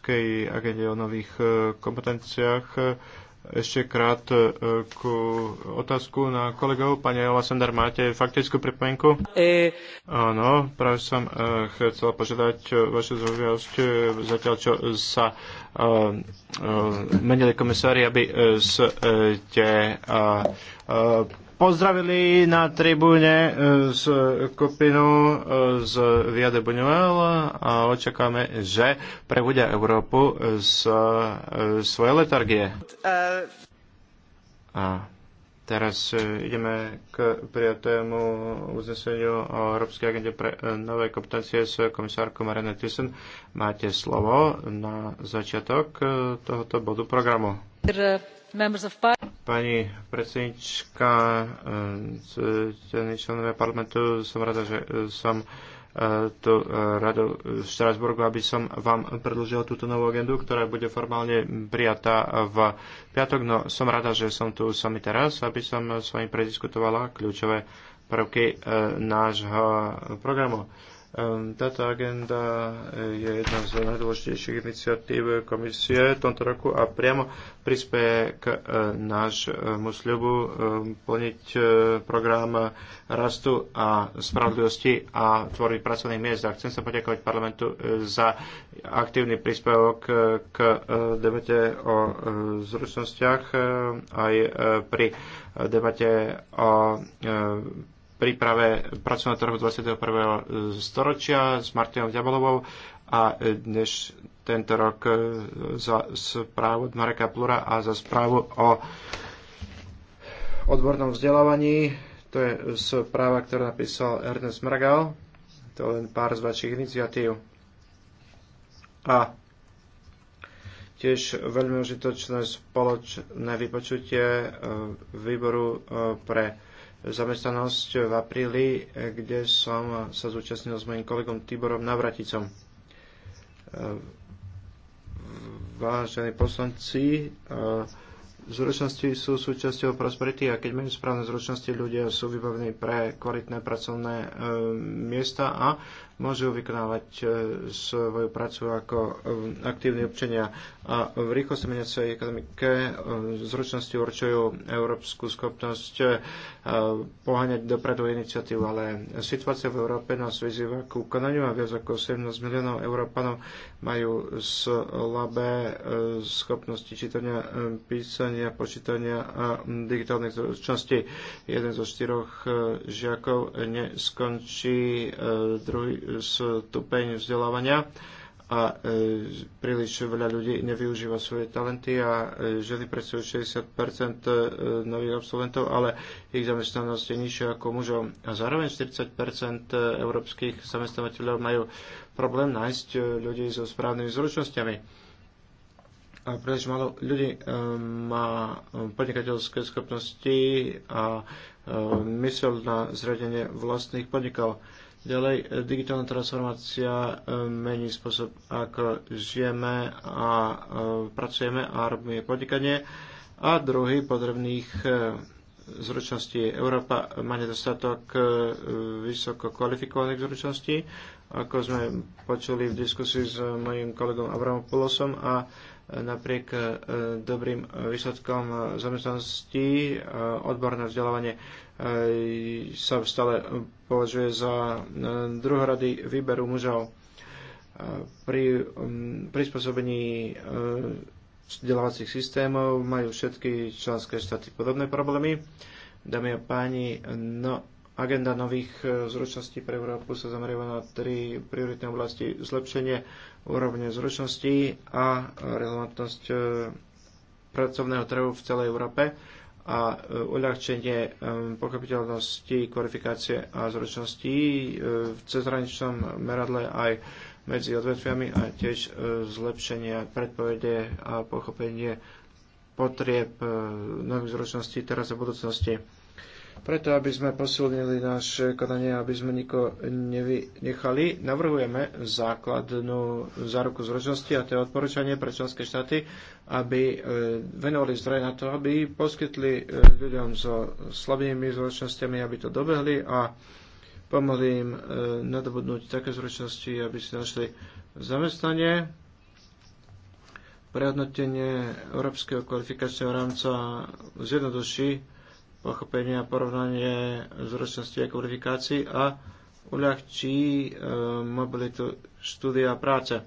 politickej agende o nových e, kompetenciách. E, ešte krát e, ku otázku na kolegov. Pane Lasendar, máte faktickú pripomienku? E... Áno, práve som chcel požiadať vašu zaujímavosť, zatiaľ čo sa menili komisári, aby ste pozdravili na tribúne z e, skupinu e, z Viade Buñuel a očakáme, že prebudia Európu z e, svojej letargie. A teraz ideme k prijatému uzneseniu o Európskej agende pre nové kompetencie s komisárkou Marianne Thyssen. Máte slovo na začiatok tohoto bodu programu. Dr. Pani predsednička, eh, členovia parlamentu, som rada, že eh, som eh, tu rado v Štrasburgu, aby som vám predložil túto novú agendu, ktorá bude formálne prijatá v piatok. No som rada, že som tu vami teraz, aby som s vami prediskutovala kľúčové prvky nášho programu. Ehm, táto agenda e, je jedna z najdôležitejších iniciatív komisie v tomto roku a priamo prispieje k e, nášmu sľubu ehm, plniť e, program rastu a spravodlivosti a tvoriť pracovných miest. A chcem sa poďakovať parlamentu za aktívny príspevok k debate o zručnostiach aj pri debate o príprave pracovného trhu 21. storočia s Martinou Ďabalovou a dnes tento rok e, za správu od Mareka Plura a za správu o odbornom vzdelávaní. To je správa, ktorú napísal Ernest Margal. To je len pár z vašich iniciatív. A tiež veľmi užitočné spoločné vypočutie e, výboru e, pre zamestnanosť v apríli, kde som sa zúčastnil s mojim kolegom Tiborom Navraticom. Vážení poslanci, zručnosti sú súčasťou prosperity a keď majú správne zručnosti, ľudia sú vybavení pre kvalitné pracovné e, miesta a môžu vykonávať e, svoju prácu ako e, aktívni občania. A v rýchlosti meniacej ekonomike e, zručnosti určujú európsku schopnosť poháňať dopredu iniciatívu, ale situácia v Európe nás vyzýva k konaniu a viac ako 17 miliónov Európanov majú slabé schopnosti čítania, písania, počítania a digitálnych zručností. Jeden zo štyroch žiakov neskončí druhý stupeň vzdelávania a e, príliš veľa ľudí nevyužíva svoje talenty a e, ženy predstavujú 60 e, nových absolventov, ale ich zamestnanosť je nižšia ako mužov. A zároveň 40 e, európskych zamestnávateľov majú problém nájsť e, ľudí so správnymi zručnosťami a príliš malo ľudí e, má e, podnikateľské schopnosti a mysel na zradenie vlastných podnikov. Ďalej, e, digitálna transformácia e, mení spôsob, ako žijeme a e, pracujeme a robíme podnikanie. A druhý potrebných zručností. Európa má nedostatok vysoko kvalifikovaných zručností, ako sme počuli v diskusii s mojim kolegom Abramopoulosom a napriek e, dobrým výsledkom zamestnanosti e, odborné vzdelávanie e, sa stále považuje za druhorady výberu mužov. Pri prispôsobení vzdelávacích systémov majú všetky členské štáty podobné problémy. Dámy a páni, no Agenda nových e, zručností pre Európu sa zameriava na tri prioritné oblasti. Zlepšenie úrovne zručností a relevantnosť e, pracovného trhu v celej Európe a e, uľahčenie pochopiteľnosti, kvalifikácie a zručností v cezhraničnom meradle aj medzi odvetviami a tiež zlepšenie predpovede a pochopenie potrieb nových zručností teraz a budúcnosti preto, aby sme posilnili naše konanie, aby sme niko nevynechali, navrhujeme základnú záruku zročnosti a to je odporúčanie pre členské štáty, aby e, venovali zdroje na to, aby poskytli e, ľuďom so slabými zročnostiami, aby to dobehli a pomohli im e, nadobudnúť také zručnosti, aby si našli zamestnanie, prehodnotenie Európskeho kvalifikačného rámca zjednoduší pochopenie a porovnanie zručnosti a kvalifikácií a uľahčí e, mobilitu štúdia a práce.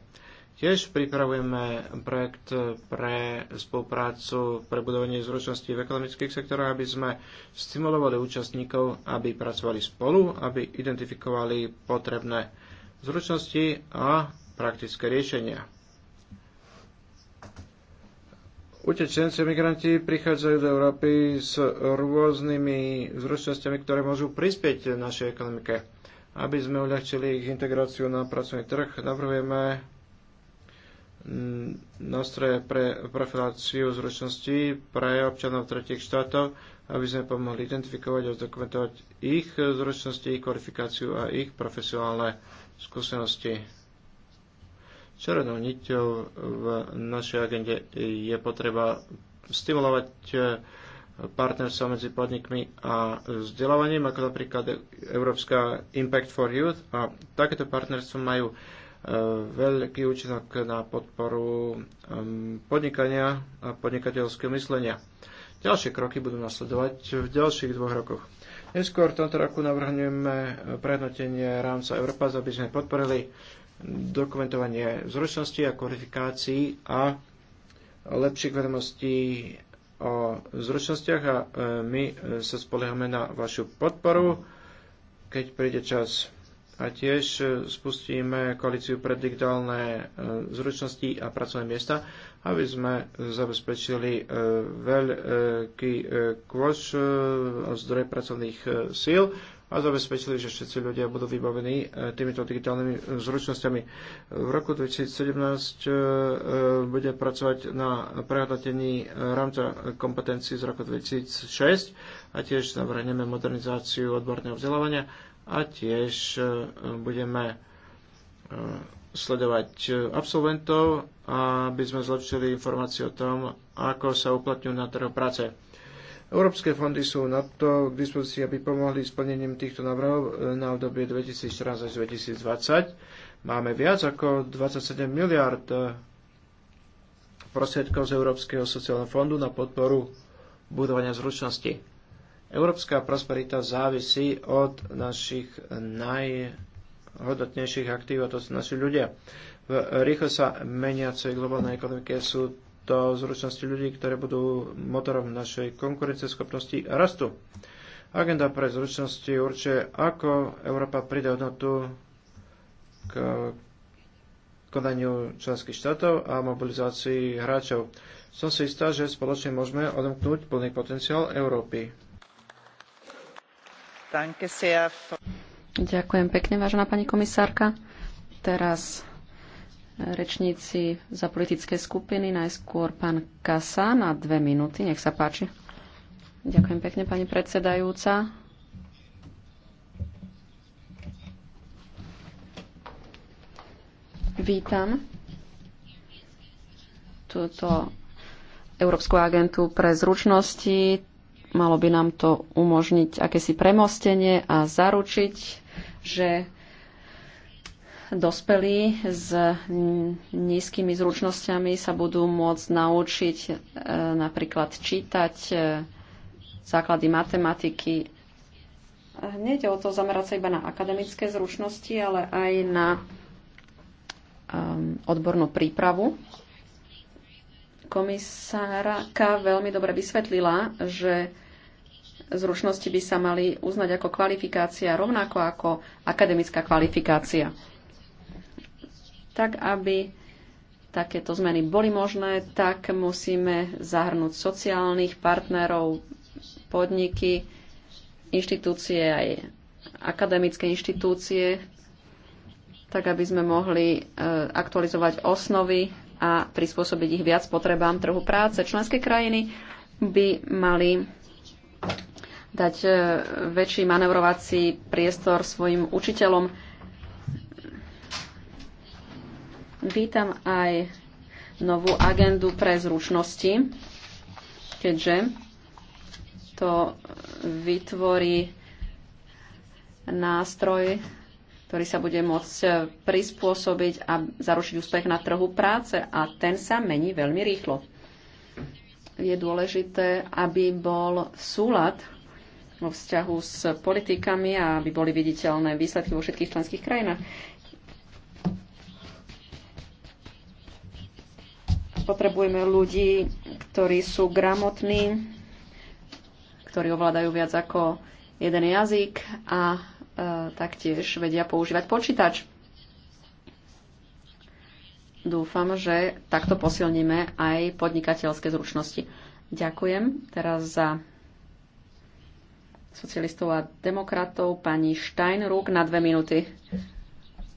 Tiež pripravujeme projekt pre spoluprácu pre budovanie zručností v ekonomických sektoroch, aby sme stimulovali účastníkov, aby pracovali spolu, aby identifikovali potrebné zručnosti a praktické riešenia. Utečenci migranti prichádzajú do Európy s rôznymi zručnosťami, ktoré môžu prispieť našej ekonomike. Aby sme uľahčili ich integráciu na pracovný trh, navrhujeme mm, nástroje pre profiláciu zručností pre občanov tretich štátov, aby sme pomohli identifikovať a zdokumentovať ich zručnosti, ich kvalifikáciu a ich profesionálne skúsenosti Červenou niťou v našej agende je potreba stimulovať eh, partnerstva medzi podnikmi a vzdelávaním, ako napríklad Európska Impact for Youth. A takéto partnerstvo majú eh, veľký účinok na podporu ehm, podnikania a podnikateľského myslenia. Ďalšie kroky budú nasledovať v ďalších dvoch rokoch. Neskôr v tomto roku navrhneme prehnotenie rámca Európa, aby sme podporili dokumentovanie zručnosti a kvalifikácií a lepších vedomostí o zručnostiach a e, my e, sa spoliehame na vašu podporu, keď príde čas. A tiež e, spustíme koalíciu pre digitálne zručnosti a pracovné miesta, aby sme zabezpečili veľký kôž zdroj pracovných síl a zabezpečili, že všetci ľudia budú vybavení e, týmito digitálnymi e, zručnosťami. V roku 2017 e, bude pracovať na prehodnotení rámca kompetencií z roku 2006 a tiež navrhneme modernizáciu odborného vzdelávania a tiež budeme sledovať absolventov, aby sme zlepšili informácie o tom, ako sa uplatňujú na trhu práce. Európske fondy sú na to k dispozícii, aby pomohli splnením týchto návrhov e, na obdobie 2014 až 2020. Máme viac ako 27 miliard e, prostriedkov z Európskeho sociálneho fondu na podporu budovania zručnosti. Európska prosperita závisí od našich najhodnotnejších aktív, a to sú naši ľudia. V rýchlo sa meniacej globálnej ekonomike sú do zručnosti ľudí, ktoré budú motorom našej konkurenceschopnosti a rastu. Agenda pre zručnosti určuje, ako Európa pride hodnotu k konaniu členských štátov a mobilizácii hráčov. Som si istá, že spoločne môžeme odomknúť plný potenciál Európy. Ďakujem pekne, vážená pani komisárka. Teraz rečníci za politické skupiny. Najskôr pán Kasa na dve minúty. Nech sa páči. Ďakujem pekne, pani predsedajúca. Vítam túto Európsku agentu pre zručnosti. Malo by nám to umožniť akési premostenie a zaručiť, že dospelí s nízkymi zručnosťami sa budú môcť naučiť e, napríklad čítať e, základy matematiky. Nejde o to zamerať sa iba na akademické zručnosti, ale aj na ehm, odbornú prípravu. Komisárka veľmi dobre vysvetlila, že zručnosti by sa mali uznať ako kvalifikácia rovnako ako akademická kvalifikácia. Tak, aby takéto zmeny boli možné, tak musíme zahrnúť sociálnych partnerov, podniky, inštitúcie aj akademické inštitúcie, tak aby sme mohli e, aktualizovať osnovy a prispôsobiť ich viac potrebám trhu práce. Členské krajiny by mali dať e, väčší manevrovací priestor svojim učiteľom, Vítam aj novú agendu pre zručnosti, keďže to vytvorí nástroj, ktorý sa bude môcť prispôsobiť a zarušiť úspech na trhu práce a ten sa mení veľmi rýchlo. Je dôležité, aby bol súlad vo vzťahu s politikami a aby boli viditeľné výsledky vo všetkých členských krajinách. potrebujeme ľudí, ktorí sú gramotní, ktorí ovládajú viac ako jeden jazyk a e, taktiež vedia používať počítač. Dúfam, že takto posilníme aj podnikateľské zručnosti. Ďakujem teraz za socialistov a demokratov pani Steinruck na dve minúty.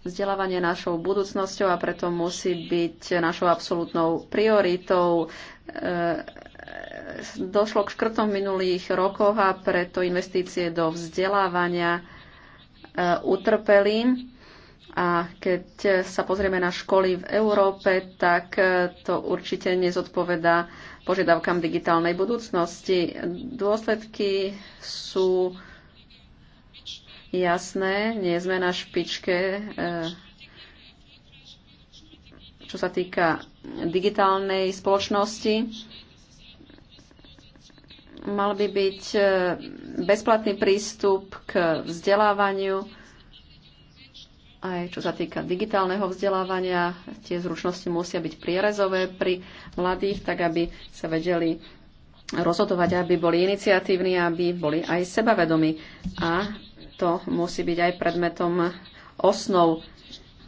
Vzdelávanie našou budúcnosťou a preto musí byť našou absolútnou prioritou. E, došlo k škrtom v minulých rokoch a preto investície do vzdelávania e, utrpeli. A keď sa pozrieme na školy v Európe, tak e, to určite nezodpoveda požiadavkám digitálnej budúcnosti. Dôsledky sú jasné, nie sme na špičke, e, čo sa týka digitálnej spoločnosti. Mal by byť e, bezplatný prístup k vzdelávaniu, aj čo sa týka digitálneho vzdelávania. Tie zručnosti musia byť prierezové pri mladých, tak aby sa vedeli rozhodovať, aby boli iniciatívni, aby boli aj sebavedomí. A to musí byť aj predmetom osnov.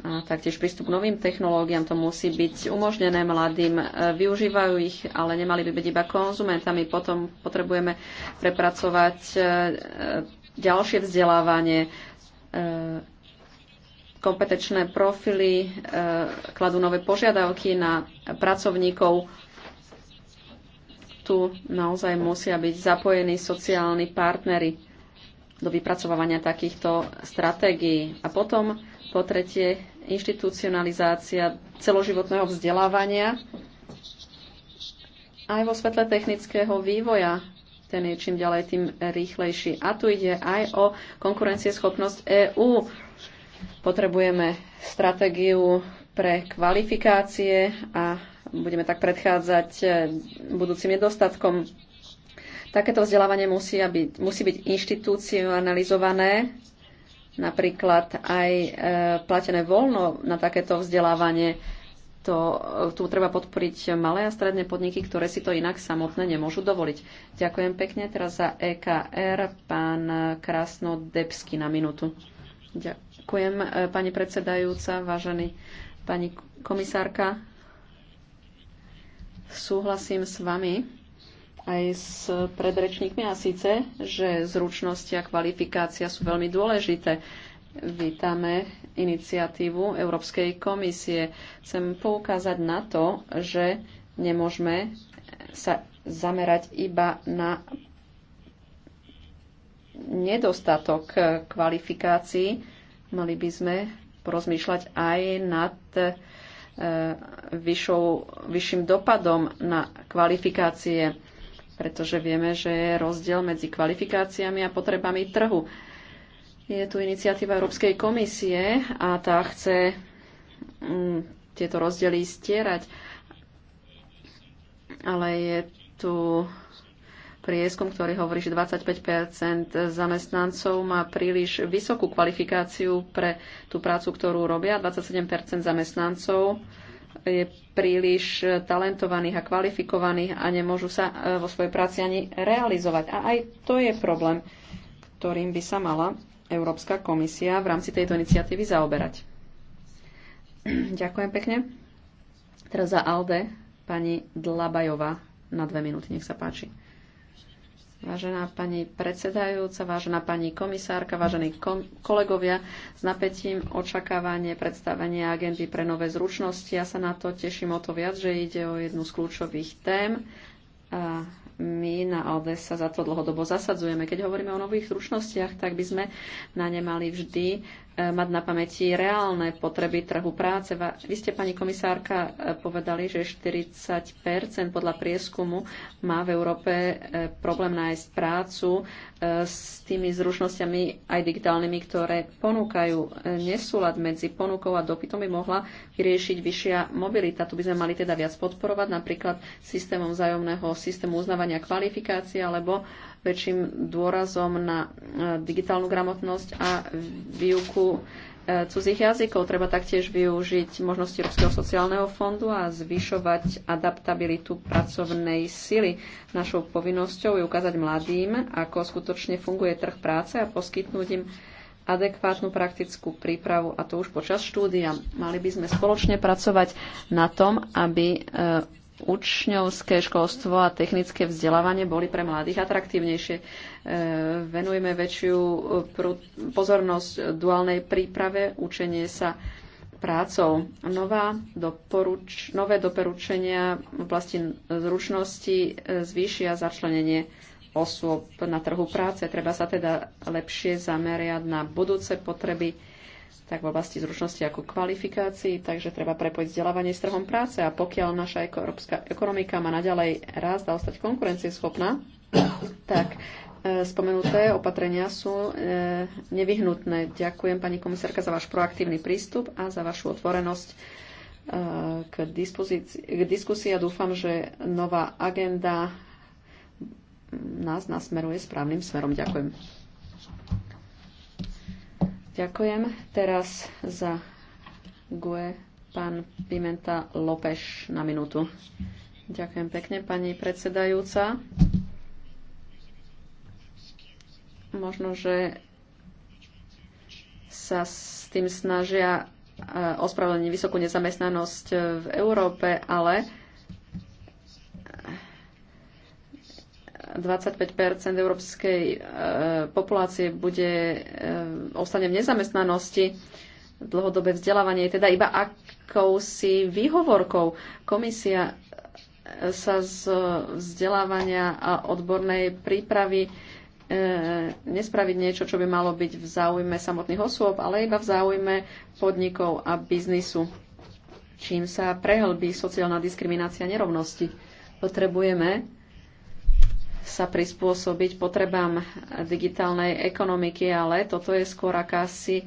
A taktiež prístup k novým technológiám to musí byť umožnené mladým. Využívajú ich, ale nemali by byť iba konzumentami. Potom potrebujeme prepracovať e, ďalšie vzdelávanie, e, kompetenčné profily, e, kladú nové požiadavky na pracovníkov. Tu naozaj musia byť zapojení sociálni partnery do vypracovania takýchto stratégií. A potom, po tretie, inštitucionalizácia celoživotného vzdelávania aj vo svetle technického vývoja. Ten je čím ďalej tým rýchlejší. A tu ide aj o konkurencieschopnosť EÚ. Potrebujeme stratégiu pre kvalifikácie a budeme tak predchádzať budúcim nedostatkom Takéto vzdelávanie musí byť, musí byť inštitucionalizované, napríklad aj e, platené voľno na takéto vzdelávanie. To, e, tu treba podporiť malé a stredné podniky, ktoré si to inak samotné nemôžu dovoliť. Ďakujem pekne. Teraz za EKR pán Krasnodebsky na minútu. Ďakujem, e, pani predsedajúca, vážený pani komisárka. Súhlasím s vami aj s predrečníkmi a síce, že zručnosti a kvalifikácia sú veľmi dôležité. Vítame iniciatívu Európskej komisie. Chcem poukázať na to, že nemôžeme sa zamerať iba na nedostatok kvalifikácií. Mali by sme porozmýšľať aj nad eh, vyššou, vyšším dopadom na kvalifikácie pretože vieme, že je rozdiel medzi kvalifikáciami a potrebami trhu. Je tu iniciatíva Európskej komisie a tá chce mm, tieto rozdiely stierať, ale je tu prieskum, ktorý hovorí, že 25 zamestnancov má príliš vysokú kvalifikáciu pre tú prácu, ktorú robia, 27 zamestnancov je príliš e, talentovaných a kvalifikovaných a nemôžu sa e, vo svojej práci ani realizovať. A aj to je problém, ktorým by sa mala Európska komisia v rámci tejto iniciatívy zaoberať. Ďakujem pekne. Teraz za ALDE pani Dlabajová na dve minúty, nech sa páči. Vážená pani predsedajúca, vážená pani komisárka, vážení kolegovia, s napätím očakávanie predstavenia agendy pre nové zručnosti. Ja sa na to teším o to viac, že ide o jednu z kľúčových tém. A my na ALDE sa za to dlhodobo zasadzujeme. Keď hovoríme o nových zručnostiach, tak by sme na ne mali vždy E, mať na pamäti reálne potreby trhu práce. Vy ste, pani komisárka, e, povedali, že 40 podľa prieskumu má v Európe e, problém nájsť prácu s tými zručnosťami aj digitálnymi, ktoré ponúkajú. Nesúlad medzi ponukou a dopytom by mohla vyriešiť vyššia mobilita. Tu by sme mali teda viac podporovať, napríklad systémom vzájomného systému uznávania kvalifikácií alebo väčším dôrazom na e, digitálnu gramotnosť a výuku e, cudzích jazykov. Treba taktiež využiť možnosti Európskeho sociálneho fondu a zvyšovať adaptabilitu pracovnej sily. Našou povinnosťou je ukázať mladým, ako skutočne funguje trh práce a poskytnúť im adekvátnu praktickú prípravu a to už počas štúdia. Mali by sme spoločne pracovať na tom, aby e, učňovské školstvo a technické vzdelávanie boli pre mladých atraktívnejšie. E, venujeme väčšiu e, pozornosť duálnej príprave, učenie sa prácou. Nová doporuč, nové doporučenia v oblasti zručnosti e, zvýšia začlenenie osôb na trhu práce. Treba sa teda lepšie zameriať na budúce potreby tak v oblasti zručnosti ako kvalifikácií, takže treba prepojiť vzdelávanie s trhom práce a pokiaľ naša európska ekonomika má naďalej raz a ostať konkurencieschopná, tak e, spomenuté opatrenia sú e, nevyhnutné. Ďakujem pani komisárka za váš proaktívny prístup a za vašu otvorenosť e, k, k diskusii a dúfam, že nová agenda nás nasmeruje správnym smerom. Ďakujem. Ďakujem. Teraz za GUE pán Pimenta Lopeš na minútu. Ďakujem pekne, pani predsedajúca. Možno, že sa s tým snažia eh, ospravedlniť vysokú nezamestnanosť v Európe, ale 25 európskej e, populácie bude, e, ostane v nezamestnanosti. Dlhodobé vzdelávanie je teda iba akousi výhovorkou. Komisia e, sa z vzdelávania a odbornej prípravy nespraviť niečo, čo by malo byť v záujme samotných osôb, ale iba v záujme podnikov a biznisu, čím sa prehlbí sociálna diskriminácia nerovnosti. Potrebujeme sa prispôsobiť potrebám digitálnej ekonomiky, ale toto je skôr akási e,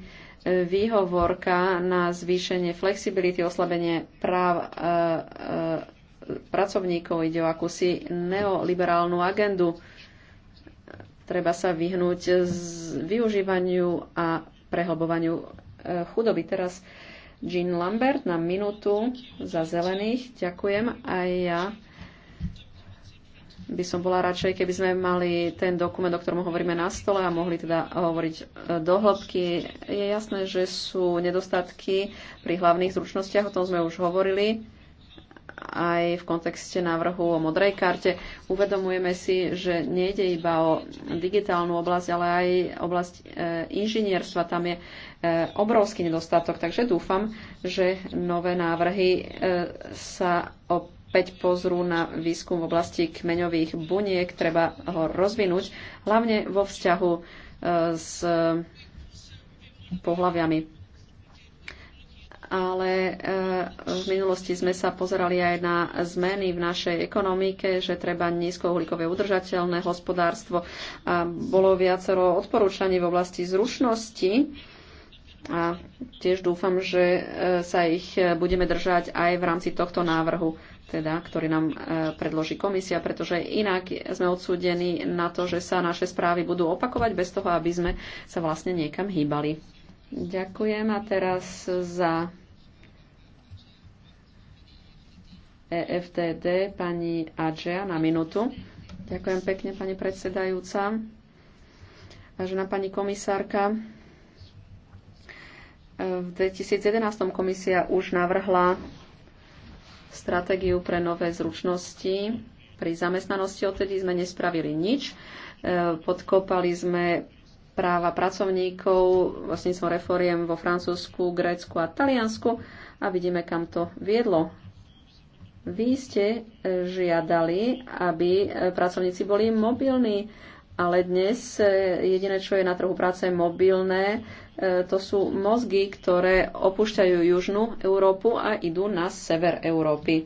výhovorka na zvýšenie flexibility, oslabenie práv e, e, pracovníkov. Ide o akúsi neoliberálnu agendu. Treba sa vyhnúť z využívaniu a prehlbovaniu e, chudoby. Teraz Jean Lambert na minútu za zelených. Ďakujem aj ja by som bola radšej, keby sme mali ten dokument, o ktorom hovoríme na stole a mohli teda hovoriť e, do hĺbky. Je jasné, že sú nedostatky pri hlavných zručnostiach, o tom sme už hovorili aj v kontexte návrhu o modrej karte. Uvedomujeme si, že nejde iba o digitálnu oblasť, ale aj oblasť e, inžinierstva. Tam je e, obrovský nedostatok, takže dúfam, že nové návrhy sa o opäť pozrú na výskum v oblasti kmeňových buniek. Treba ho rozvinúť, hlavne vo vzťahu e, s pohľaviami. Ale e, v minulosti sme sa pozerali aj na zmeny v našej ekonomike, že treba nízkouhlíkové udržateľné hospodárstvo. A bolo viacero odporúčaní v oblasti zrušnosti a tiež dúfam, že e, sa ich budeme držať aj v rámci tohto návrhu teda, ktorý nám e, predloží komisia, pretože inak sme odsúdení na to, že sa naše správy budú opakovať bez toho, aby sme sa vlastne niekam hýbali. Ďakujem a teraz za EFTD pani Adžia na minútu. Ďakujem pekne, pani predsedajúca. Vážená pani komisárka, v 2011 komisia už navrhla stratégiu pre nové zručnosti pri zamestnanosti. Odtedy sme nespravili nič. E, podkopali sme práva pracovníkov som reforiem vo Francúzsku, Grécku a Taliansku a vidíme, kam to viedlo. Vy ste e, žiadali, aby e, pracovníci boli mobilní, ale dnes jediné, čo je na trhu práce mobilné, E, to sú mozgy, ktoré opúšťajú južnú Európu a idú na sever Európy. E,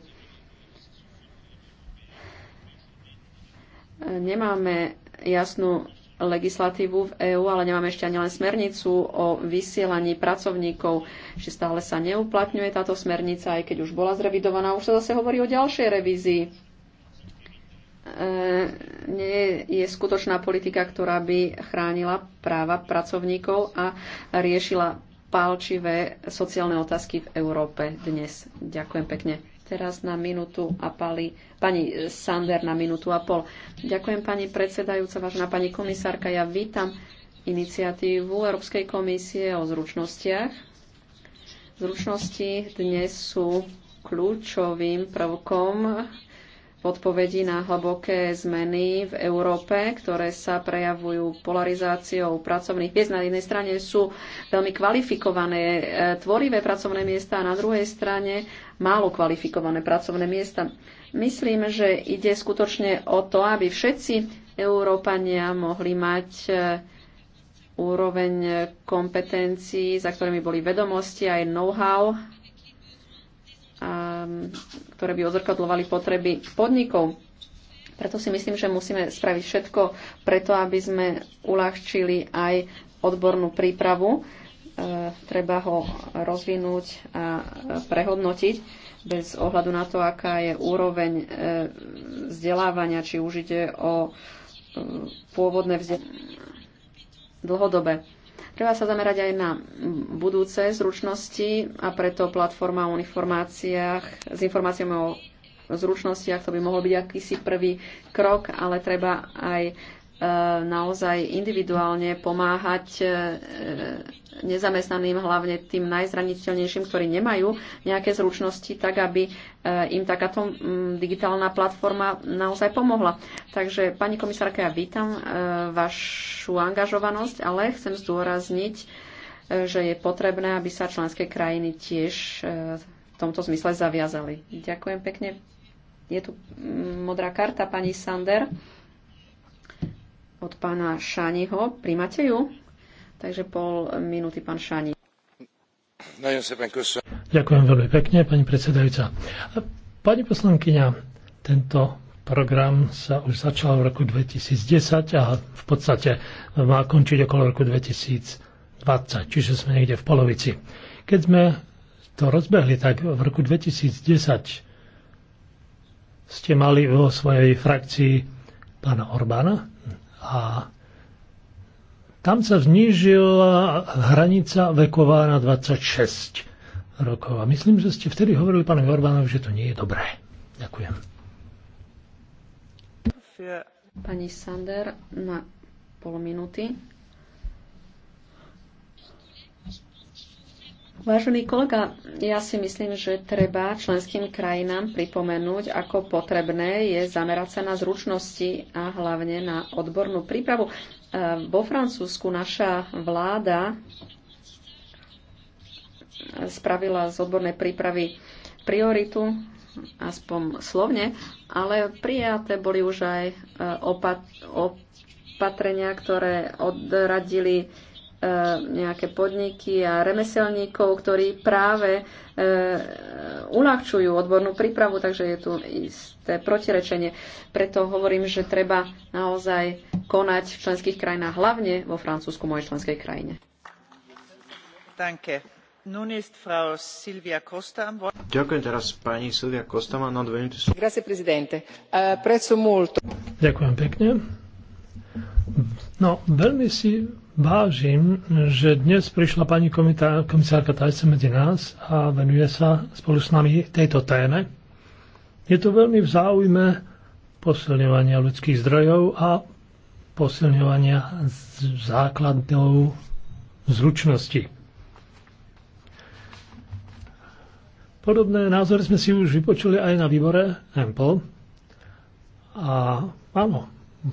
nemáme jasnú legislatívu v EÚ, ale nemáme ešte ani len smernicu o vysielaní pracovníkov, že stále sa neuplatňuje táto smernica, aj keď už bola zrevidovaná. Už sa zase hovorí o ďalšej revízii E, nie je skutočná politika, ktorá by chránila práva pracovníkov a riešila pálčivé sociálne otázky v Európe dnes. Ďakujem pekne. Teraz na minútu a pali, pani Sander na minútu a pol. Ďakujem pani predsedajúca, vážená pani komisárka. Ja vítam iniciatívu Európskej komisie o zručnostiach. Zručnosti dnes sú kľúčovým prvkom odpovedi na hlboké zmeny v Európe, ktoré sa prejavujú polarizáciou pracovných miest. Na jednej strane sú veľmi kvalifikované, e, tvorivé pracovné miesta a na druhej strane málo kvalifikované pracovné miesta. Myslím, že ide skutočne o to, aby všetci Európania mohli mať e, úroveň kompetencií, za ktorými boli vedomosti aj know-how. A Um, ktoré by odzrkadlovali potreby podnikov. Preto si myslím, že musíme spraviť všetko preto, aby sme uľahčili aj odbornú prípravu. Uh, treba ho rozvinúť a prehodnotiť bez ohľadu na to, aká je úroveň uh, vzdelávania, či už ide o uh, pôvodné vzdelávanie dlhodobé. Treba sa zamerať aj na budúce zručnosti a preto platforma o informáciách s informáciami o zručnostiach to by mohol byť akýsi prvý krok, ale treba aj e, naozaj individuálne pomáhať e, nezamestnaným, hlavne tým najzraniteľnejším, ktorí nemajú nejaké zručnosti, tak aby e, im takáto digitálna platforma naozaj pomohla. Takže, pani komisárka, ja vítam e, vašu angažovanosť, ale chcem zdôrazniť, e, že je potrebné, aby sa členské krajiny tiež v tomto zmysle zaviazali. Ďakujem pekne. Je tu modrá karta pani Sander od pána Šaniho. Príjmate ju? Takže pol minúty pán Šani. Ďakujem veľmi pekne, pani predsedajúca. Pani poslankyňa, tento program sa už začal v roku 2010 a v podstate má končiť okolo roku 2020, čiže sme niekde v polovici. Keď sme to rozbehli, tak v roku 2010 ste mali vo svojej frakcii pána Orbána a tam sa znížila hranica veková na 26 rokov. A myslím, že ste vtedy hovorili pánovi Orbánovi, že to nie je dobré. Ďakujem. Pani Sander na pol minúty. Vážený kolega, ja si myslím, že treba členským krajinám pripomenúť, ako potrebné je zamerať sa na zručnosti a hlavne na odbornú prípravu. Vo Francúzsku naša vláda spravila z odbornej prípravy prioritu, aspoň slovne, ale prijaté boli už aj e, opatrenia, ktoré odradili E, nejaké podniky a remeselníkov, ktorí práve e, uľahčujú odbornú prípravu, takže je tu isté protirečenie. Preto hovorím, že treba naozaj konať v členských krajinách, hlavne vo Francúzsku, mojej členskej krajine. Danke. Ďakujem teraz pani Silvia Costa má na dve minúty. Grazie presidente. Apprezzo e, molto. Ďakujem pekne. No, veľmi si vážim, že dnes prišla pani komisárka Tajce medzi nás a venuje sa spolu s nami tejto téme. Je to veľmi v záujme posilňovania ľudských zdrojov a posilňovania základov zručnosti. Podobné názory sme si už vypočuli aj na výbore EMPL. A áno,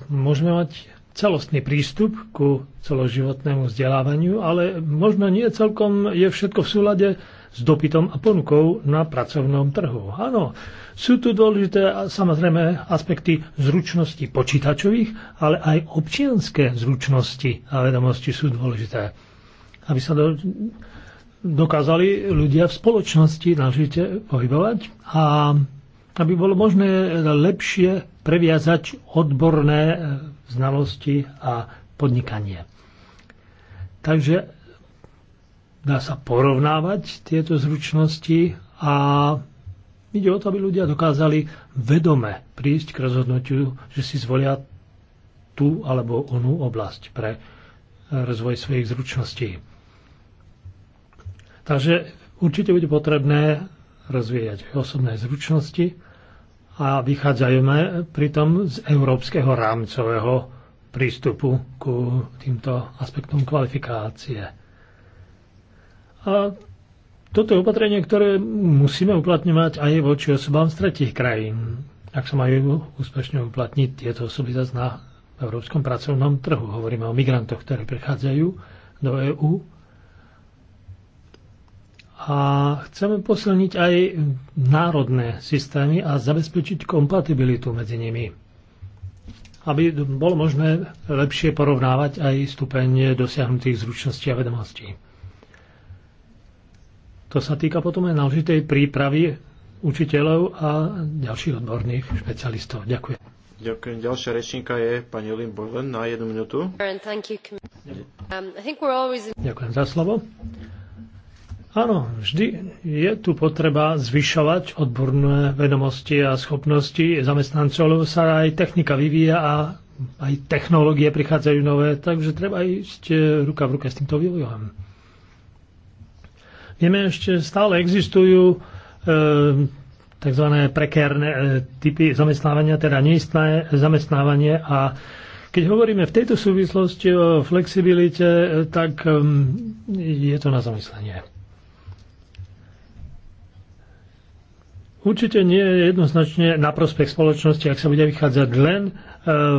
môžeme mať celostný prístup ku celoživotnému vzdelávaniu, ale možno nie celkom je všetko v súlade s dopytom a ponukou na pracovnom trhu. Áno, sú tu dôležité samozrejme aspekty zručnosti počítačových, ale aj občianské zručnosti a vedomosti sú dôležité. Aby sa do, dokázali ľudia v spoločnosti nažite pohybovať a aby bolo možné e, lepšie previazať odborné e, znalosti a podnikanie. Takže dá sa porovnávať tieto zručnosti a ide o to, aby ľudia dokázali vedome prísť k rozhodnutiu, že si zvolia tú alebo onú oblasť pre e, rozvoj svojich zručností. Takže určite bude potrebné rozvíjať osobné zručnosti a vychádzajme pritom z európskeho rámcového prístupu ku týmto aspektom kvalifikácie. A toto je opatrenie, ktoré musíme uplatňovať aj voči osobám z tretich krajín, ak sa majú úspešne uplatniť tieto osoby zase na európskom pracovnom trhu. Hovoríme o migrantoch, ktorí prichádzajú do EÚ a chceme posilniť aj národné systémy a zabezpečiť kompatibilitu medzi nimi, aby bolo možné lepšie porovnávať aj stupeň dosiahnutých zručností a vedomostí. To sa týka potom aj náležitej prípravy učiteľov a ďalších odborných špecialistov. Ďakujem. Ďakujem. Ďalšia rečníka je pani Lynn Borlen na jednu minútu. Um, Ďakujem za slovo. Áno, vždy je tu potreba zvyšovať odborné vedomosti a schopnosti zamestnancov, lebo sa aj technika vyvíja a aj technológie prichádzajú nové, takže treba ísť e, ruka v ruke s týmto vývojom. Vieme, ešte stále existujú e, tzv. prekérne e, typy zamestnávania, teda neistné zamestnávanie a keď hovoríme v tejto súvislosti o flexibilite, e, tak e, je to na zamyslenie. určite nie je jednoznačne na prospech spoločnosti, ak sa bude vychádzať len e,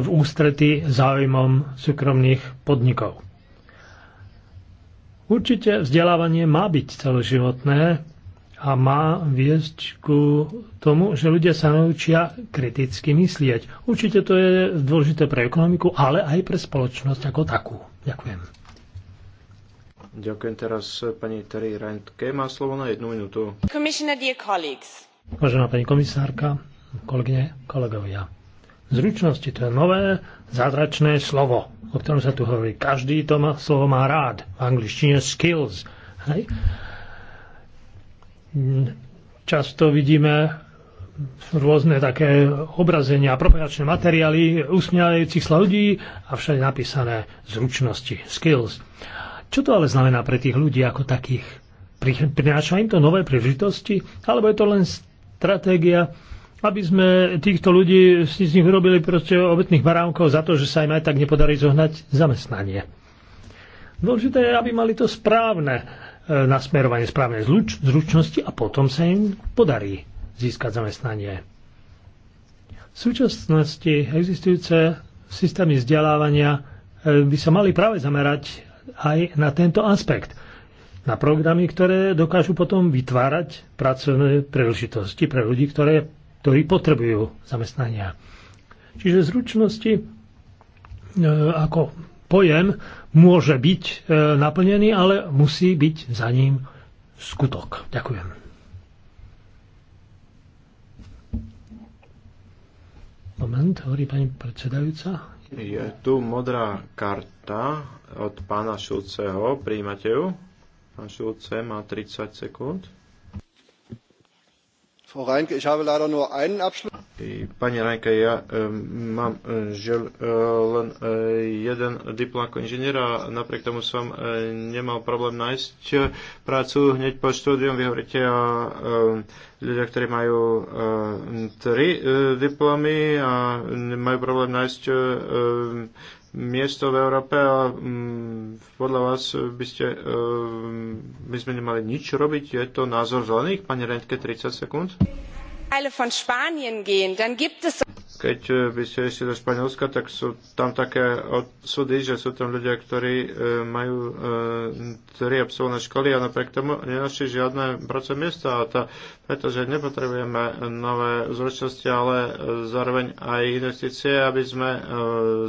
v ústrety záujmom súkromných podnikov. Určite vzdelávanie má byť celoživotné a má viesť ku tomu, že ľudia sa naučia kriticky myslieť. Určite to je dôležité pre ekonomiku, ale aj pre spoločnosť ako takú. Ďakujem. Ďakujem teraz pani Terry Rentke. Má slovo na jednu minútu. Commissioner, dear colleagues. Vážená pani komisárka, kolegyne, kolegovia. Zručnosti to je nové zázračné slovo, o ktorom sa tu hovorí. Každý to má, slovo má rád. V angličtine skills. Hej. Často vidíme rôzne také obrazenia a propagačné materiály usmiajúcich sa ľudí a všade napísané zručnosti, skills. Čo to ale znamená pre tých ľudí ako takých? Prináša im to nové príležitosti? Alebo je to len stratégia, aby sme týchto ľudí z nich urobili proste obetných baránkov za to, že sa im aj tak nepodarí zohnať zamestnanie. Dôležité je, aby mali to správne e, nasmerovanie, správne zručnosti a potom sa im podarí získať zamestnanie. V súčasnosti existujúce systémy vzdelávania e, by sa mali práve zamerať aj na tento aspekt na programy, ktoré dokážu potom vytvárať pracovné príležitosti pre ľudí, ktoré, ktorí potrebujú zamestnania. Čiže zručnosti e, ako pojem môže byť e, naplnený, ale musí byť za ním skutok. Ďakujem. Moment, hovorí pani predsedajúca. Je tu modrá karta od pána Šulceho. Príjmate ju? Pán Šulce má 30 sekúnd. Frau Reinke, ich habe leider nur einen Abschluss. Pani Rajka, ja um, mám e, žiaľ uh, e, len uh, jeden diplom ako inžiniera, napriek tomu som uh, nemal problém nájsť prácu hneď po štúdium. Vy hovoríte o um, ľudia, ktorí majú uh, tri uh, diplomy a majú problém nájsť uh, miesto v Európe a mm, podľa vás by ste, e, mm, by sme nemali nič robiť? Je to názor zelených? Pani Rentke, 30 sekúnd. Teile von Spanien gehen, dann gibt es keď by e, ste išli do Španielska, tak sú tam také súdy, že sú tam ľudia, ktorí e, majú e, tri absolvované školy a napriek tomu nenašli žiadne pracovné miesta, a to pretože nepotrebujeme nové zručnosti, ale zároveň aj investície, aby sme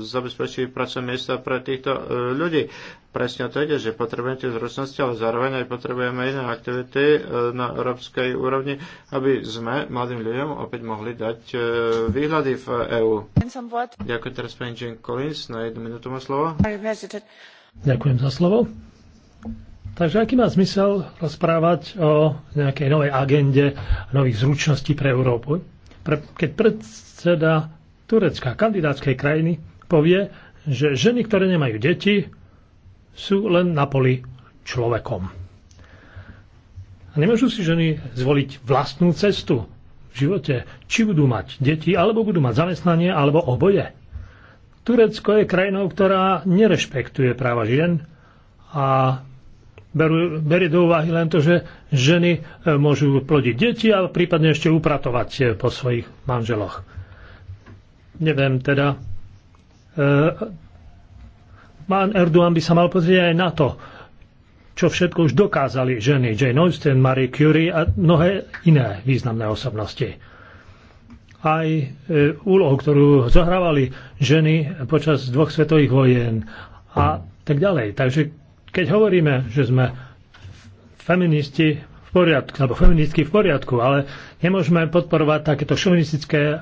zabezpečili pracovné miesta pre týchto ľudí presne o to ide, že potrebujeme tie zručnosti, ale zároveň aj potrebujeme iné aktivity e, na európskej úrovni, aby sme mladým ľuďom opäť mohli dať e, výhľady v EÚ. Ďakujem teraz pani Jane Collins, na jednu minútu má slovo. Ďakujem za slovo. Takže aký má zmysel rozprávať o nejakej novej agende nových zručností pre Európu? Pre, keď predseda Turecka, kandidátskej krajiny, povie, že ženy, ktoré nemajú deti, sú len na poli človekom. A nemôžu si ženy zvoliť vlastnú cestu v živote, či budú mať deti, alebo budú mať zamestnanie, alebo oboje. Turecko je krajinou, ktorá nerešpektuje práva žien a berú, berie do úvahy len to, že ženy e, môžu plodiť deti a prípadne ešte upratovať e, po svojich manželoch. Neviem teda, e, Pán Erdogan by sa mal pozrieť aj na to, čo všetko už dokázali ženy Jane Austen, Marie Curie a mnohé iné významné osobnosti. Aj e, úlohu, ktorú zohrávali ženy počas dvoch svetových vojen a tak ďalej. Takže keď hovoríme, že sme feministi v poriadku, alebo feministky v poriadku, ale nemôžeme podporovať takéto šovinistické e,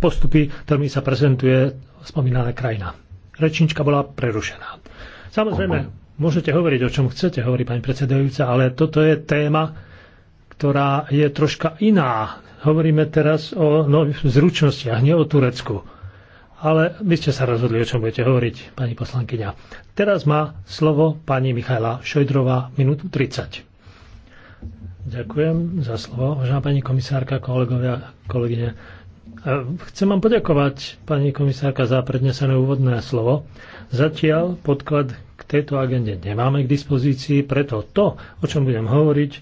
postupy, ktorými sa prezentuje spomínaná krajina. Rečnička bola prerušená. Samozrejme, môžete hovoriť, o čom chcete, hovorí pani predsedajúca, ale toto je téma, ktorá je troška iná. Hovoríme teraz o nových zručnostiach, nie o Turecku. Ale vy ste sa rozhodli, o čom budete hovoriť, pani poslankyňa. Teraz má slovo pani Michaela Šojdrová, minútu 30. Ďakujem za slovo, vážená pani komisárka, kolegovia, kolegyne. Chcem vám poďakovať, pani komisárka, za prednesené úvodné slovo. Zatiaľ podklad k tejto agende nemáme k dispozícii, preto to, o čom budem hovoriť,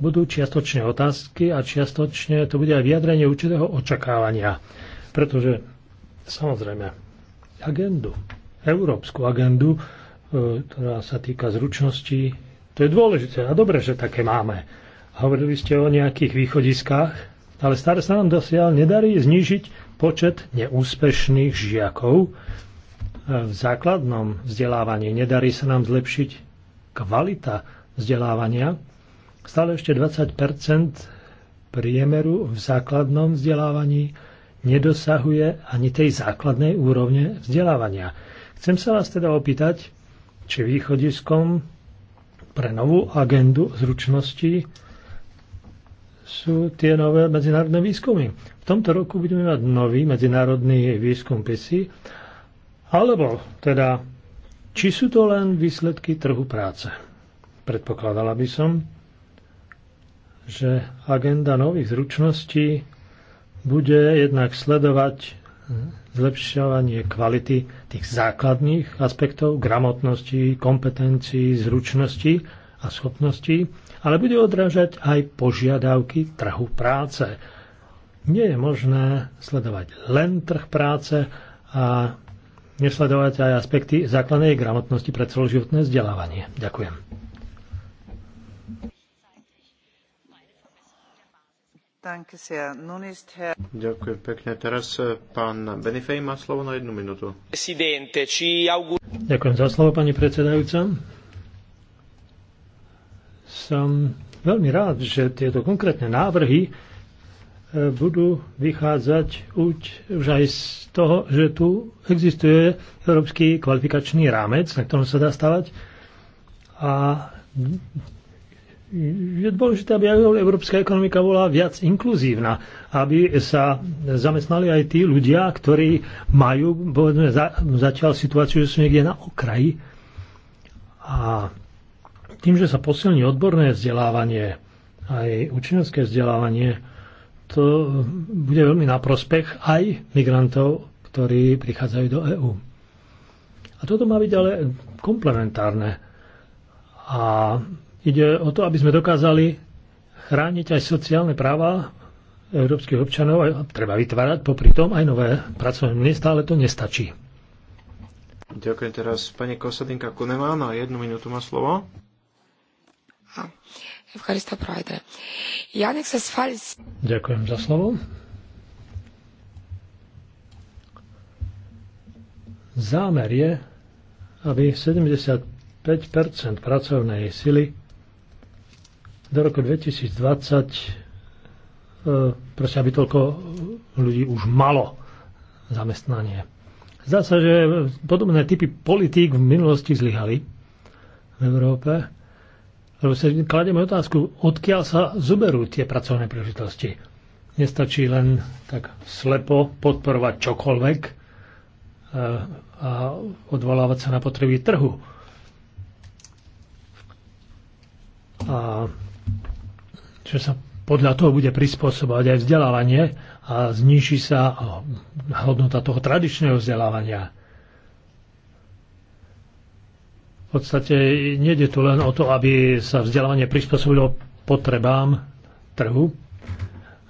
budú čiastočne otázky a čiastočne to bude aj vyjadrenie určitého očakávania. Pretože samozrejme agendu, európsku agendu, e, ktorá sa týka zručností, to je dôležité a dobre, že také máme. Hovorili ste o nejakých východiskách, ale stále sa nám dosiaľ nedarí znížiť počet neúspešných žiakov e, v základnom vzdelávaní. Nedarí sa nám zlepšiť kvalita vzdelávania. Stále ešte 20 priemeru v základnom vzdelávaní nedosahuje ani tej základnej úrovne vzdelávania. Chcem sa vás teda opýtať, či východiskom pre novú agendu zručností sú tie nové medzinárodné výskumy. V tomto roku budeme mať nový medzinárodný výskum PISI, alebo teda, či sú to len výsledky trhu práce. Predpokladala by som, že agenda nových zručností bude jednak sledovať zlepšovanie kvality tých základných aspektov gramotnosti, kompetencií, zručností a schopností ale bude odrážať aj požiadavky trhu práce. Nie je možné sledovať len trh práce a nesledovať aj aspekty základnej gramotnosti pre celoživotné vzdelávanie. Ďakujem. Ďakujem pekne. Teraz eh, pán Benifej má slovo na jednu minútu. Ďakujem za slovo, pani predsedajúca som veľmi rád, že tieto konkrétne návrhy e, budú vychádzať už aj z toho, že tu existuje európsky kvalifikačný rámec, na ktorom sa dá stavať. A je dôležité, aby európska ekonomika bola viac inkluzívna, aby sa zamestnali aj tí ľudia, ktorí majú povedzme, za, zatiaľ situáciu, že sú niekde na okraji. A tým, že sa posilní odborné vzdelávanie, aj učňovské vzdelávanie, to bude veľmi na prospech aj migrantov, ktorí prichádzajú do EÚ. A toto má byť ale komplementárne. A ide o to, aby sme dokázali chrániť aj sociálne práva európskych občanov a treba vytvárať popri tom aj nové pracovné miesta, ale to nestačí. Ďakujem teraz pani Kosadinka Kunemá na jednu minútu má slovo. Ďakujem za slovo. Zámer je, aby 75 pracovnej sily do roku 2020 e, proste aby toľko ľudí už malo zamestnanie. Zdá sa, že podobné typy politík v minulosti zlyhali v Európe lebo sa kladieme otázku, odkiaľ sa zoberú tie pracovné príležitosti. Nestačí len tak slepo podporovať čokoľvek eh, a odvolávať sa na potreby trhu. A čo sa podľa toho bude prispôsobovať aj vzdelávanie a zniží sa hodnota toho tradičného vzdelávania. V podstate nejde tu len o to, aby sa vzdelávanie prispôsobilo potrebám trhu.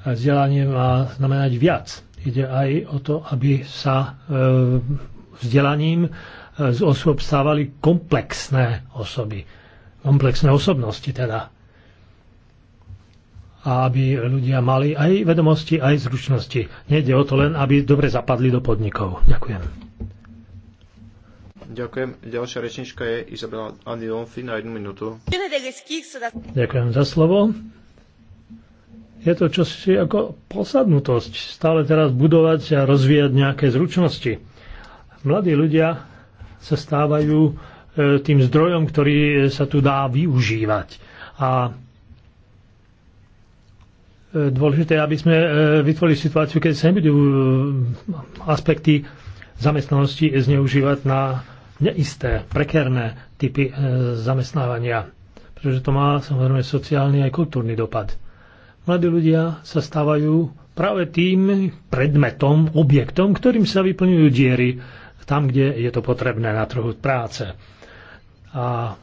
A vzdelanie má znamenať viac. Ide aj o to, aby sa e, vzdelaním e, z osôb stávali komplexné osoby. Komplexné osobnosti teda. A aby ľudia mali aj vedomosti, aj zručnosti. Nejde o to len, aby dobre zapadli do podnikov. Ďakujem. Ďakujem. Ďalšia rečnička je Izabela Adilonfi na jednu minútu. Ďakujem za slovo. Je to čosi ako posadnutosť. Stále teraz budovať a rozvíjať nejaké zručnosti. Mladí ľudia sa stávajú e, tým zdrojom, ktorý sa tu dá využívať. A e, dôležité, aby sme e, vytvorili situáciu, keď sa nebudú aspekty zamestnanosti zneužívať na neisté, prekerné typy e, zamestnávania, pretože to má samozrejme sociálny aj kultúrny dopad. Mladí ľudia sa stávajú práve tým predmetom, objektom, ktorým sa vyplňujú diery tam, kde je to potrebné na trhu práce. A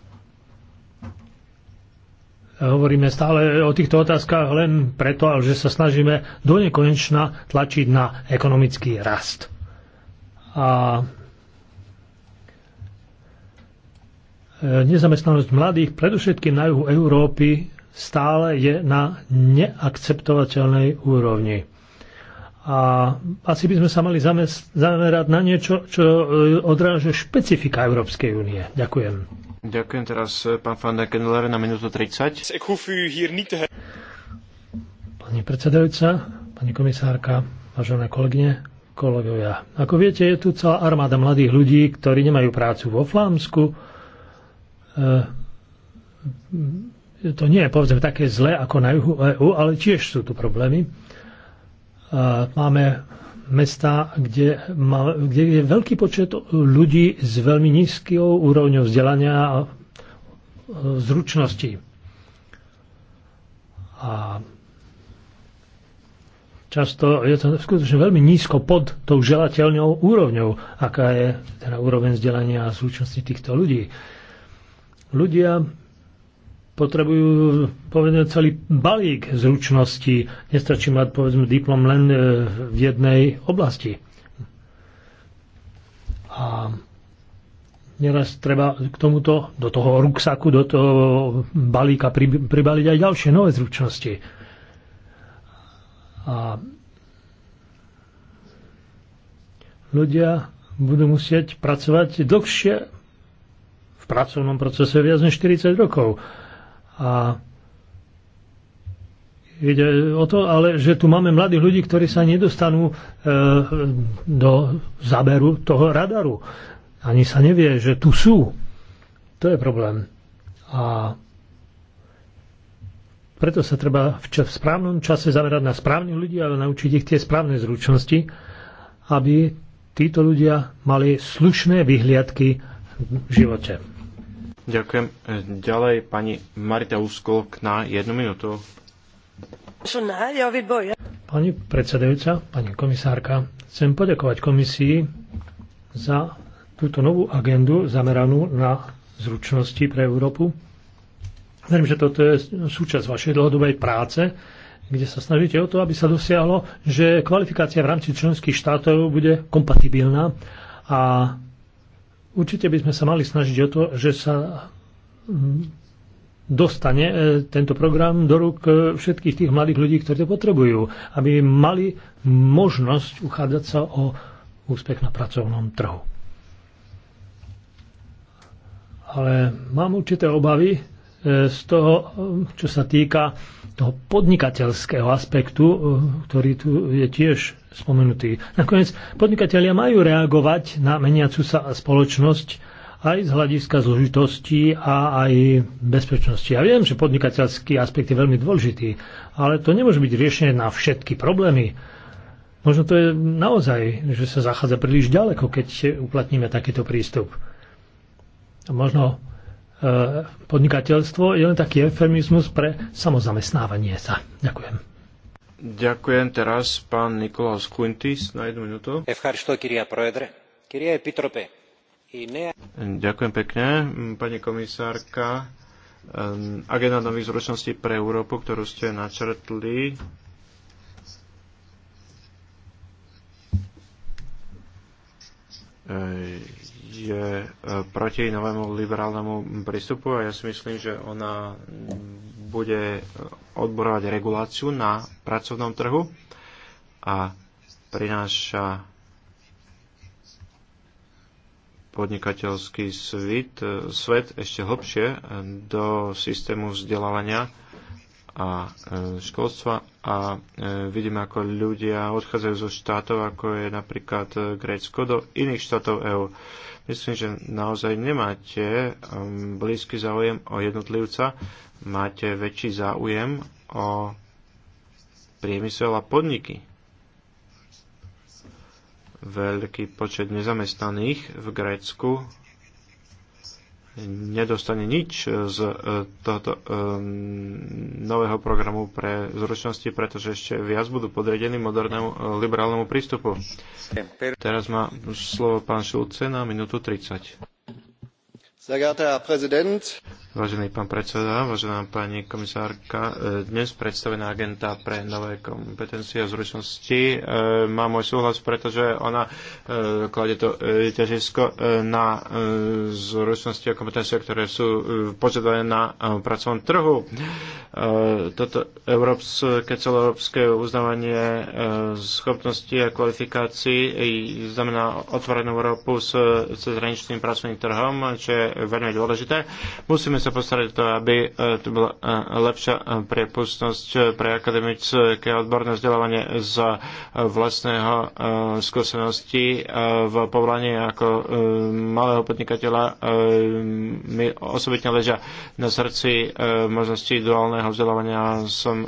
hovoríme stále o týchto otázkach len preto, že sa snažíme do nekonečna tlačiť na ekonomický rast. A nezamestnanosť mladých, predovšetkým na juhu Európy, stále je na neakceptovateľnej úrovni. A asi by sme sa mali zamerať na niečo, čo e, odráže špecifika Európskej únie. Ďakujem. Ďakujem teraz e, pán van der Kendler na minútu 30. Pani predsedajúca, pani komisárka, vážené kolegyne, kolegovia. Ako viete, je tu celá armáda mladých ľudí, ktorí nemajú prácu vo Flámsku, E, to nie je povedzme také zlé ako na juhu EU, ale tiež sú tu problémy. E, máme mesta, kde, má, kde je veľký počet ľudí s veľmi nízkou úrovňou vzdelania a e, zručností. A často je to skutočne veľmi nízko pod tou želateľnou úrovňou, aká je teda úroveň vzdelania a zručnosti týchto ľudí. Ľudia potrebujú povedzme celý balík zručností. Nestačí mať povedzme diplom len e, v jednej oblasti. A neraz treba k tomuto, do toho ruksaku, do toho balíka pribaliť aj ďalšie nové zručnosti. A ľudia budú musieť pracovať dlhšie pracovnom procese viac než 40 rokov. A ide o to, ale že tu máme mladých ľudí, ktorí sa nedostanú e, do záberu toho radaru. Ani sa nevie, že tu sú. To je problém. A preto sa treba v, v správnom čase zamerať na správnych ľudí a naučiť ich tie správne zručnosti, aby títo ľudia mali slušné vyhliadky v živote. Ďakujem. Ďalej pani Marita Úskok na jednu minútu. Pani predsedajúca, pani komisárka, chcem poďakovať komisii za túto novú agendu zameranú na zručnosti pre Európu. Verím, že toto je súčasť vašej dlhodobej práce, kde sa snažíte o to, aby sa dosiahlo, že kvalifikácia v rámci členských štátov bude kompatibilná a Určite by sme sa mali snažiť o to, že sa mm, dostane e, tento program do rúk e, všetkých tých mladých ľudí, ktorí to potrebujú, aby mali možnosť uchádzať sa o úspech na pracovnom trhu. Ale mám určité obavy e, z toho, čo sa týka toho podnikateľského aspektu, eh, ktorý tu je tiež spomenutý. Nakoniec podnikatelia majú reagovať na meniacu sa spoločnosť aj z hľadiska zložitosti a aj bezpečnosti. Ja viem, že podnikateľský aspekt je veľmi dôležitý, ale to nemôže byť riešenie na všetky problémy. Možno to je naozaj, že sa zachádza príliš ďaleko, keď uplatníme takýto prístup. A možno E, podnikateľstvo je len taký eufemizmus pre samozamestnávanie sa. Ďakujem. Ďakujem teraz pán Nikolaus Quintis na jednu minútu. Ďakujem pekne, pani komisárka. Agenda nových zručností pre Európu, ktorú ste načrtli, Ej, je e, proti novému liberálnemu prístupu a ja si myslím, že ona bude odborovať reguláciu na pracovnom trhu a prináša podnikateľský svet, e, svet ešte hlbšie do systému vzdelávania a e, školstva a e, vidíme, ako ľudia odchádzajú zo štátov, ako je napríklad e, Grécko, do iných štátov EÚ. Myslím, že naozaj nemáte um, blízky záujem o jednotlivca, máte väčší záujem o priemysel a podniky. Veľký počet nezamestnaných v Grécku nedostane nič z e, tohoto e, nového programu pre zručnosti, pretože ešte viac budú podriadení modernému e, liberálnemu prístupu. Teraz má slovo pán Šulce na minútu 30. Vážený pán predseda, vážená pani komisárka, e, dnes predstavená agenta pre nové kompetencie a zručnosti e, má môj súhlas, pretože ona e, kladie to ťažisko na zručnosti a kompetencie, ktoré sú požadované na pracovnom trhu. Toto európske, celoeurópske uznávanie schopností a kvalifikácií znamená otvorenú Európu s cezhraničným pracovným trhom, čo je veľmi dôležité. Musíme sa postarať o to, aby e, tu bola e, lepšia e, priepustnosť pre akademické odborné vzdelávanie z vlastného skúsenosti v povolaní ako malého podnikateľa mi osobitne ležia na srdci možnosti duálneho vzdelávania. Som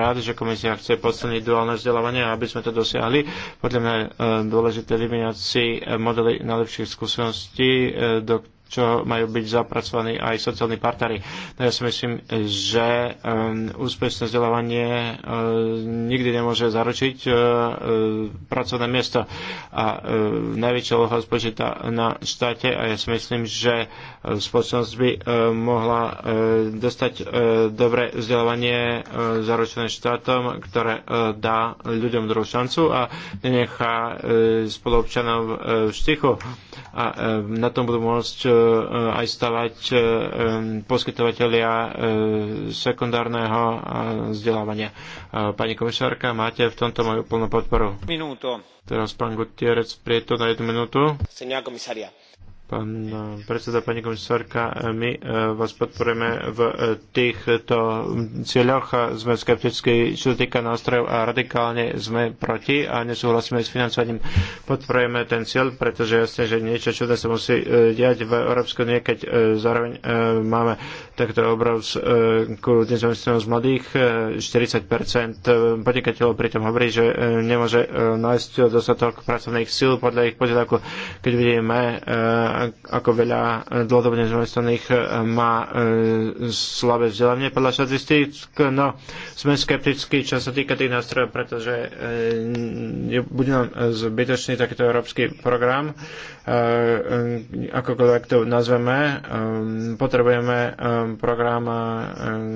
rád, že komisia chce posilniť duálne vzdelávanie, aby sme to dosiahli. Podľa mňa je dôležité vymeniať si modely najlepších skúseností, do čo majú byť zapracovaní aj sociálni partnery. No ja si myslím, že um, úspešné vzdelávanie uh, nikdy nemôže zaručiť uh, uh, pracovné miesto a najväčšia loha spočíta na štáte a ja si myslím, že spoločnosť by mohla dostať dobré vzdelávanie zaručené štátom, ktoré dá ľuďom druhú šancu a nenechá spoluobčanov v štichu a e, na tom budú môcť e, e, aj stavať poskytovateľia sekundárneho vzdelávania. Pani komisárka, máte v tomto moju plnú podporu. Minúto. Teraz pán Gutierrez, prieto na jednu minútu. Senia komisária. Pán eh, predseda, pani komisárka, eh, my eh, vás podporujeme v týchto cieľoch. Sme skeptickí, čo sa týka nástrojov a radikálne sme proti a nesúhlasíme s financovaním. Podporujeme ten cieľ, pretože jasne, že niečo čudné sa musí diať v Európskej nie, keď zároveň máme takto obrovskú nezamestnanosť mladých. 40 podnikateľov pritom hovorí, že nemôže nájsť dostatok pracovných síl podľa ich požiadavku. Keď vidíme, ako veľa e, dlhodobo nezamestnaných e, má e, slabé vzdelanie podľa štatistík. No, sme skeptickí, čo sa týka tých nástrojov, pretože bude nám zbytočný takýto európsky program Eh, eh, akokoľvek to nazveme, eh, potrebujeme program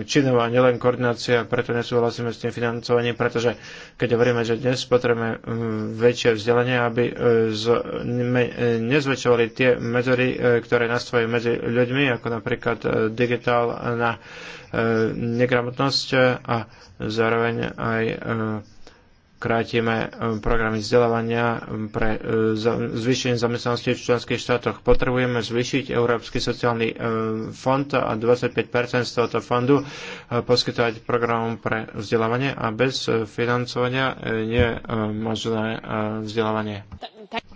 činov a nielen koordinácia, preto nesúhlasíme s tým financovaním, pretože keď hovoríme, že dnes potrebujeme väčšie vzdelanie, aby nezväčšovali tie medzery, ktoré nastavujú medzi ľuďmi, ako napríklad digitálna negramotnosť a zároveň aj krátime um, programy vzdelávania um, pre uh, zvýšenie zamestnanosti v členských štátoch. Potrebujeme zvýšiť Európsky sociálny um, fond a 25 z tohoto fondu uh, poskytovať programom pre vzdelávanie a bez uh, financovania nie je možné vzdelávanie.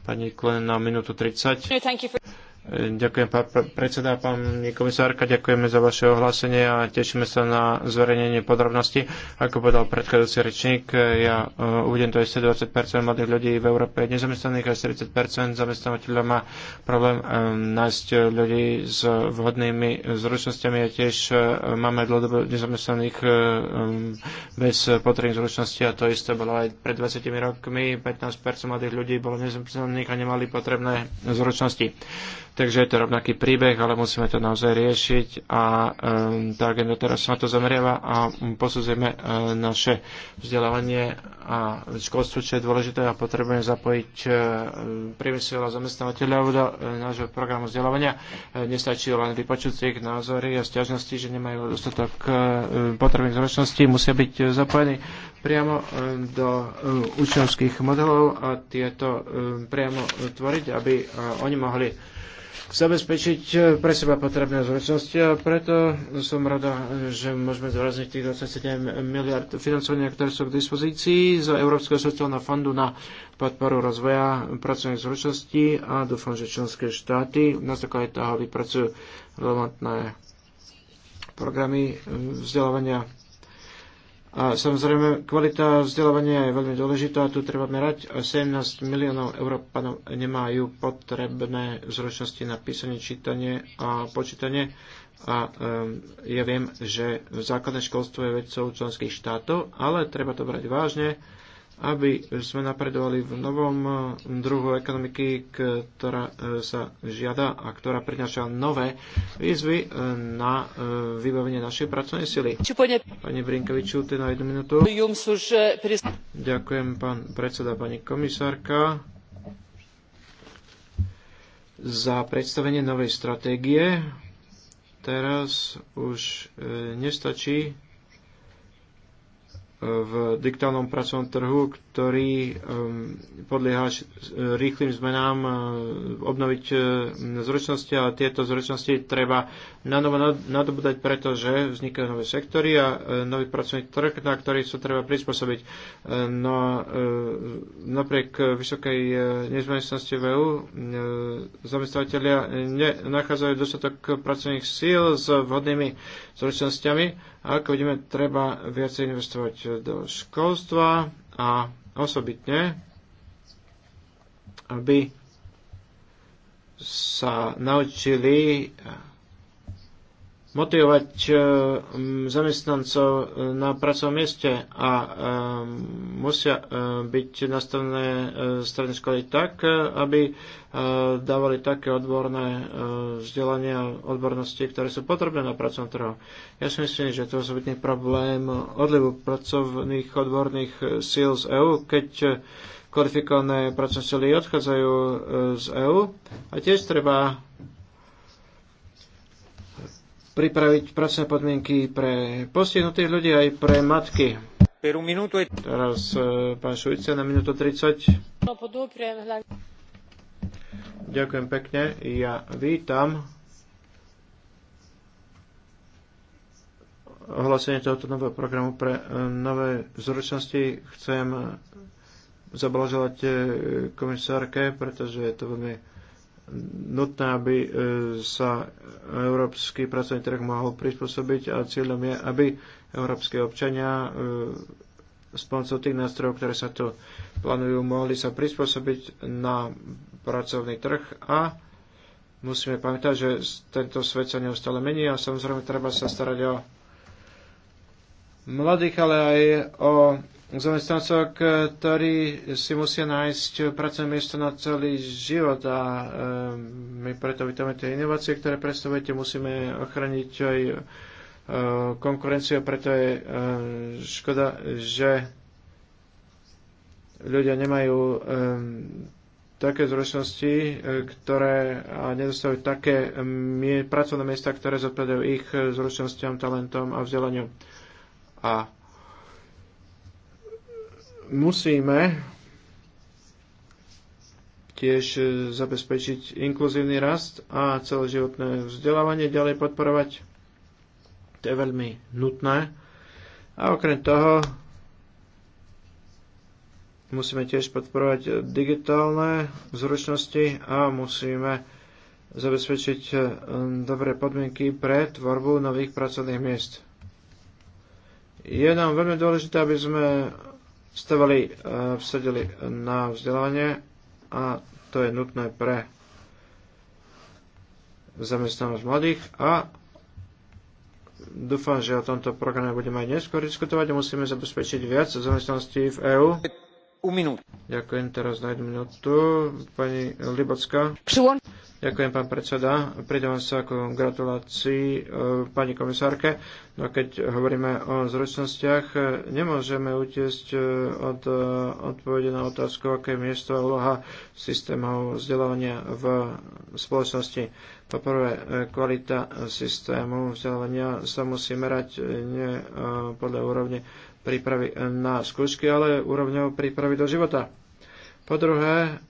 Pani Klen na minútu 30. Ďakujem, pán predseda, pani komisárka, ďakujeme za vaše ohlásenie a tešíme sa na zverejnenie podrobností. Ako povedal predchádzajúci rečník, ja e, uvidím to ešte 20 mladých ľudí v Európe nezamestnaných a 40 zamestnávateľov má problém e, nájsť ľudí s vhodnými zručnosťami a tiež e, máme dlhodobo nezamestnaných bez potrebných zručností a to isté bolo aj pred 20 rokmi. 15 mladých ľudí bolo nezamestnaných a nemali potrebné zručnosti Takže je to rovnaký príbeh, ale musíme to naozaj riešiť a um, tá agenda teraz sa na to zameriava a um, uh, naše vzdelávanie a školstvo, čo je dôležité a potrebujeme zapojiť uh, priemysel a zamestnávateľov do uh, nášho programu vzdelávania. Uh, nestačí len vypočuť ich názory a stiažnosti, že nemajú dostatok uh, potrebných zručností, musia byť uh, zapojení priamo uh, do uh, učňovských modelov a tieto uh, priamo tvoriť, aby uh, oni mohli zabezpečiť eh, pre seba potrebné zručnosti a preto som rada, že môžeme zvrazniť tých 27 miliard financovania, ktoré sú k dispozícii z Európskeho sociálneho fondu na podporu rozvoja pracovných zručností a dúfam, že členské štáty na základe toho vypracujú relevantné programy eh, vzdelávania a samozrejme, kvalita vzdelávania je veľmi dôležitá, tu treba merať. 17 miliónov Európanov nemajú potrebné zručnosti na písanie, čítanie a počítanie. A um, ja viem, že základné školstvo je vecou členských štátov, ale treba to brať vážne aby sme napredovali v novom eh, druhu ekonomiky, ktorá eh, sa žiada a ktorá prináša nové výzvy eh, na vybavenie našej pracovnej sily. Pani ty na jednu minútu. Ďakujem, pán predseda, pani komisárka za predstavenie novej stratégie. Teraz už nestačí v digitálnom pracovnom trhu, ktorý um, podlieha rýchlým zmenám uh, obnoviť uh, zručnosti, a tieto zručnosti treba nanovo nadobúdať, pretože vznikajú nové sektory a uh, nový pracovný trh, na ktorý sa treba prispôsobiť. No, napriek vysokej nezamestnanosti v EU zamestnávateľia nenachádzajú dostatok pracovných síl s vhodnými zručnosťami ako vidíme, treba viacej investovať do školstva a osobitne, aby sa naučili motivovať eh, zamestnancov eh, na pracovnom mieste a eh, musia byť nastavené stredné školy tak, aby dávali také odborné vzdelania odbornosti, ktoré sú potrebné na pracovnom trhu. Ja si myslím, že to je osobitný problém odlivu pracovných odborných síl z EÚ, keď kvalifikované pracovné sily odchádzajú z EÚ a tiež treba pripraviť pracné podmienky pre postihnutých ľudí aj pre matky. E- Teraz e, pán Šujce na minútu 30. Ďakujem pekne. Ja vítam ohlásenie tohoto nového programu pre e, nové zručnosti. Chcem zablažovať komisárke, pretože je to veľmi nutné, aby e, sa európsky pracovný trh mohol prispôsobiť a cieľom je, aby európske občania e, pomocou tých nástrojov, ktoré sa tu plánujú, mohli sa prispôsobiť na pracovný trh a musíme pamätať, že tento svet sa neustále mení a samozrejme treba sa starať o mladých, ale aj o zamestnancov, ktorí si musia nájsť pracovné miesto na celý život a e, my preto vítame tie inovácie, ktoré predstavujete, musíme ochraniť aj e, konkurenciu, preto je e, škoda, že ľudia nemajú také zručnosti, ktoré a nedostávajú také pracovné miesta, ktoré zodpovedajú ich zručnostiam, talentom a vzdelaniu. A musíme tiež zabezpečiť inkluzívny rast a celoživotné vzdelávanie ďalej podporovať. To je veľmi nutné. A okrem toho musíme tiež podporovať digitálne zručnosti a musíme zabezpečiť eh, dobré podmienky pre tvorbu nových pracovných miest. Je nám veľmi dôležité, aby sme stavali, e, vsadili na vzdelávanie a to je nutné pre zamestnanosť mladých a dúfam, že o tomto programe budeme aj neskôr diskutovať a musíme zabezpečiť viac zamestnanosti v EÚ. Ďakujem, teraz na jednu minútu. Pani Libocka. Ďakujem, pán predseda. Pridávam sa ako gratulácii e, pani komisárke. No keď hovoríme o zručnostiach, e, nemôžeme utiesť e, od odpovede na otázku, aké je miesto a úloha systémov vzdelávania v spoločnosti. Poprvé, kvalita systému vzdelávania sa musí merať nie podľa úrovne prípravy na skúšky, ale úrovňou prípravy do života. Po druhé,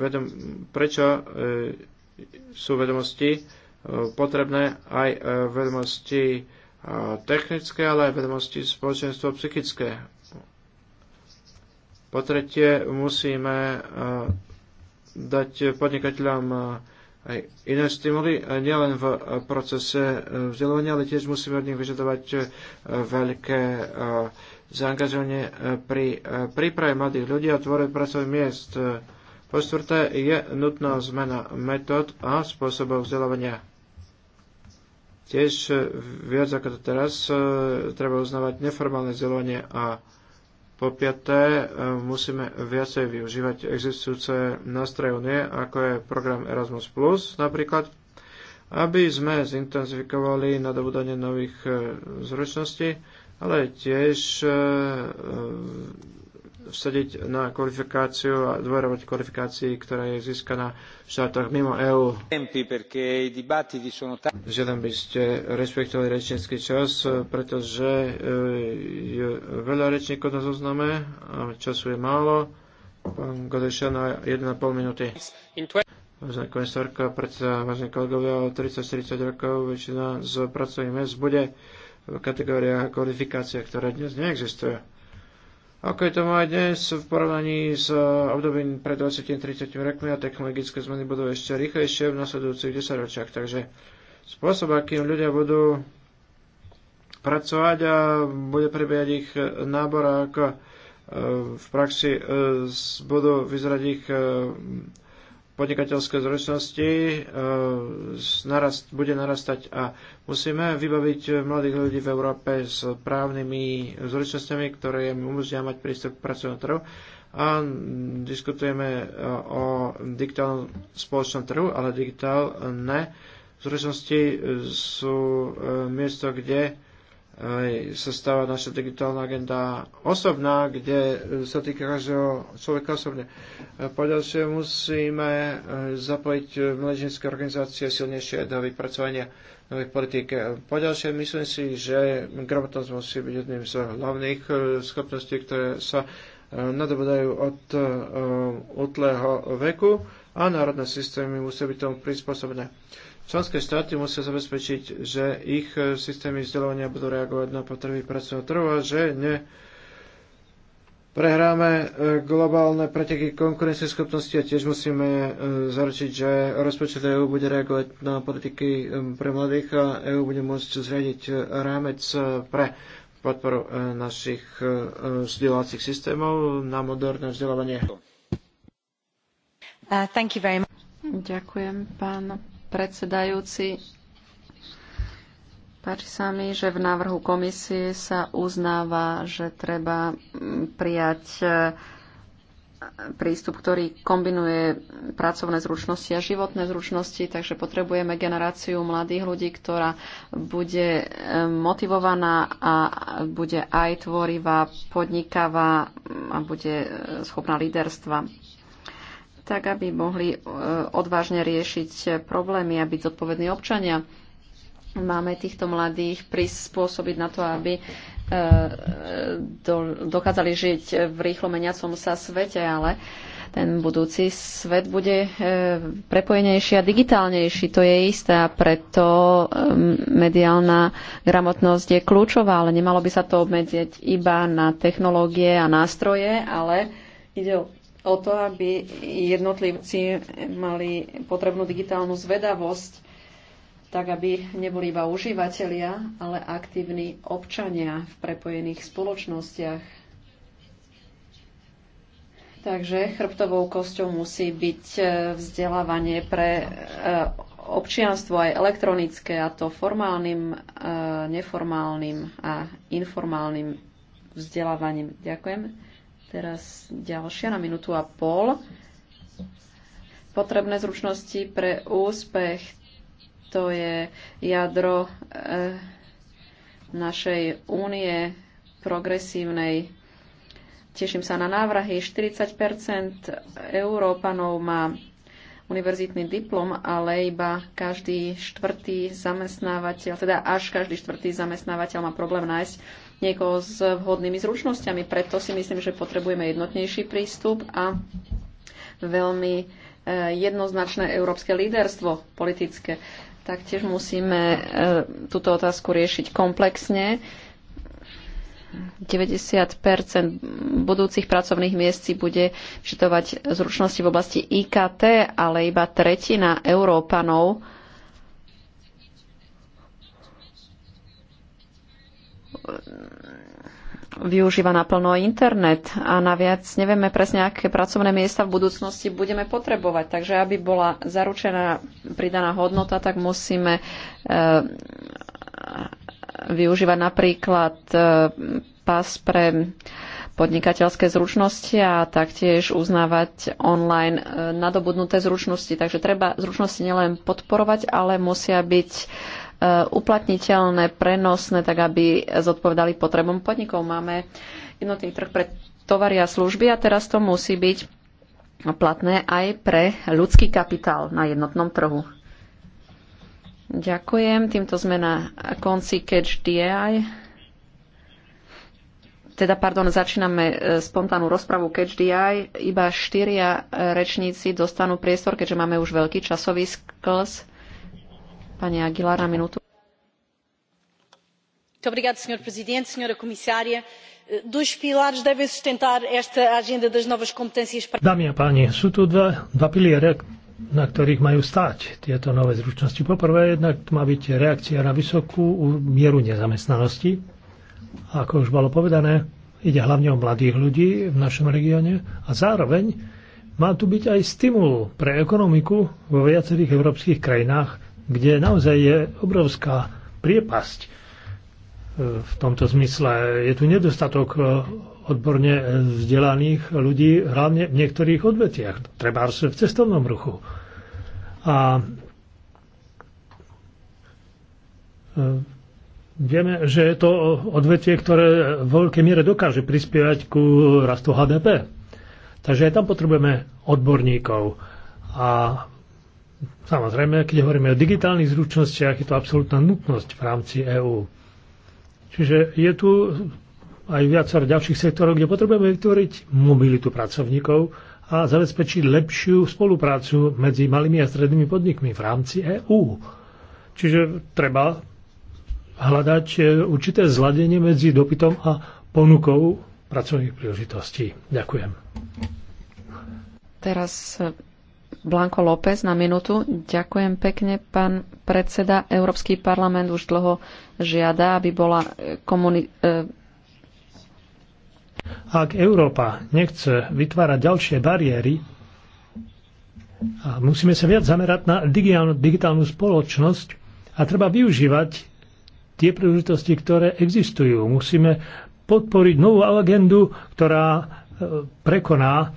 vedom, prečo e, sú vedomosti e, potrebné aj e, vedomosti technické, ale aj vedomosti spoločenstvo psychické. Po tretie, musíme dať podnikateľom aj iné stimuly, e, nielen v e, procese e, vzdelávania, ale tiež musíme od nich vyžadovať veľké zaangažovanie pri príprave mladých ľudí a tvorbe pracovných miest. Po štvrté je nutná zmena metód a spôsobov vzdelávania. Tiež viac ako to teraz treba uznávať neformálne vzdelávanie a po piaté, e, musíme viacej využívať existujúce nástroje unie, ako je program Erasmus+, napríklad, aby sme zintenzifikovali nadobudanie nových e, zručností, ale tiež e, vsadiť na kvalifikáciu a dôverovať kvalifikácii, ktorá je získaná v štátoch mimo EÚ. Žiadam by ste rešpektovali rečnícky čas, pretože e, je veľa rečníkov na zozname a času je málo. Pán Godešan, na 1,5 minúty. Vážená komisárka, predsa, vážení kolegovia, o 30-40 rokov väčšina z pracovných miest bude v kategóriách a ktoré dnes neexistujú ako je to aj dnes v porovnaní s eh, obdobím pred 20-30 rokmi a technologické zmeny budú ešte rýchlejšie v nasledujúcich 10 ročiach. Takže spôsob, akým ľudia budú pracovať a bude prebiehať ich eh, nábor ako eh, v praxi budú vyzerať ich podnikateľské zručnosti eh, narast, bude narastať a musíme vybaviť mladých ľudí v Európe s právnymi zručnosťami, ktoré im umožnia mať prístup k pracovnom trhu a diskutujeme eh, o digitálnom spoločnom trhu, ale digitálne zručnosti sú eh, miesto, kde aj sa stáva naša digitálna agenda osobná, kde sa týka každého človeka osobne. Poďalšie musíme eh, zapojiť eh, mladžinské organizácie silnejšie do vypracovania nových politík. Poďalšie myslím si, že gramotnosť musí byť jedným z hlavných eh, schopností, ktoré sa nadobodajú od útleho veku a národné systémy musia byť tomu prispôsobené. Členské štáty musia zabezpečiť, že ich e, systémy vzdelávania budú reagovať na potreby pracovného trhu a že ne prehráme e, globálne preteky konkurencieschopnosti a tiež musíme e, zaručiť, že rozpočet EÚ bude reagovať na politiky pre mladých a EÚ bude môcť zriadiť rámec pre podporu našich vzdelávacích systémov na moderné vzdelávanie. Uh, Ďakujem, pán predsedajúci. Páči sa mi, že v návrhu komisie sa uznáva, že treba mm, prijať e, prístup, ktorý kombinuje pracovné zručnosti a životné zručnosti, takže potrebujeme generáciu mladých ľudí, ktorá bude e, motivovaná a bude aj tvorivá, podnikavá mm, a bude e, schopná líderstva tak aby mohli e, odvážne riešiť problémy a byť zodpovední občania. Máme týchto mladých prispôsobiť na to, aby e, dokázali žiť v rýchlo meniacom sa svete, ale ten budúci svet bude e, prepojenejší a digitálnejší, to je isté a preto mediálna gramotnosť je kľúčová, ale nemalo by sa to obmedziť iba na technológie a nástroje, ale ide o o to, aby jednotlivci mali potrebnú digitálnu zvedavosť, tak aby neboli iba užívateľia, ale aktívni občania v prepojených spoločnostiach. Takže chrbtovou kosťou musí byť e, vzdelávanie pre e, občianstvo aj elektronické, a to formálnym, e, neformálnym a informálnym vzdelávaním. Ďakujem. Teraz ďalšia na minútu a pol. Potrebné zručnosti pre úspech. To je jadro e, našej únie progresívnej. Teším sa na návrhy. 40 Európanov má univerzitný diplom, ale iba každý štvrtý zamestnávateľ, teda až každý štvrtý zamestnávateľ má problém nájsť niekoho s vhodnými zručnosťami. Preto si myslím, že potrebujeme jednotnejší prístup a veľmi e, jednoznačné európske líderstvo politické. Taktiež musíme e, túto otázku riešiť komplexne. 90 budúcich pracovných miest si bude žitovať zručnosti v oblasti IKT, ale iba tretina Európanov využíva naplno internet a naviac nevieme presne, aké pracovné miesta v budúcnosti budeme potrebovať. Takže aby bola zaručená pridaná hodnota, tak musíme e, využívať napríklad e, pas pre podnikateľské zručnosti a taktiež uznávať online e, nadobudnuté zručnosti. Takže treba zručnosti nielen podporovať, ale musia byť Eh, uplatniteľné, prenosné, tak aby zodpovedali potrebom podnikov. Máme jednotný trh pre tovary a služby a teraz to musí byť platné aj pre ľudský kapitál na jednotnom trhu. Ďakujem. Týmto sme na konci Catch DI. Teda, pardon, začíname eh, spontánnu rozpravu Catch DI. Iba štyria eh, rečníci dostanú priestor, keďže máme už veľký časový sklz. Pani Aguilar na minútu. Obrigado, senhor presidente, senhora comissária. Dois pilares devem sustentar esta agenda das novas competências. Dámy a páni, sú tu dva, dva piliere, na ktorých majú stáť tieto nové zručnosti. Poprvé, jednak má byť reakcia na vysokú mieru nezamestnanosti. A ako už bolo povedané, ide hlavne o mladých ľudí v našom regióne a zároveň má tu byť aj stimul pre ekonomiku vo viacerých európskych krajinách, kde naozaj je obrovská priepasť e, v tomto zmysle. Je tu nedostatok e, odborne vzdelaných ľudí, hlavne v niektorých odvetiach, treba v cestovnom ruchu. A e, vieme, že je to odvetvie, ktoré v veľkej miere dokáže prispievať ku rastu HDP. Takže aj tam potrebujeme odborníkov. A Samozrejme, keď hovoríme o digitálnych zručnostiach, je to absolútna nutnosť v rámci EÚ. Čiže je tu aj viacero ďalších sektorov, kde potrebujeme vytvoriť mobilitu pracovníkov a zabezpečiť lepšiu spoluprácu medzi malými a strednými podnikmi v rámci EÚ. Čiže treba hľadať e, určité zladenie medzi dopytom a ponukou pracovných príležitostí. Ďakujem. Teraz Blanko López na minútu. Ďakujem pekne, pán predseda. Európsky parlament už dlho žiada, aby bola eh, komuni- eh, ak Európa nechce vytvárať ďalšie bariéry, musíme sa viac zamerať na digitálnu spoločnosť a treba využívať tie príležitosti, ktoré existujú. Musíme podporiť novú agendu, ktorá eh, prekoná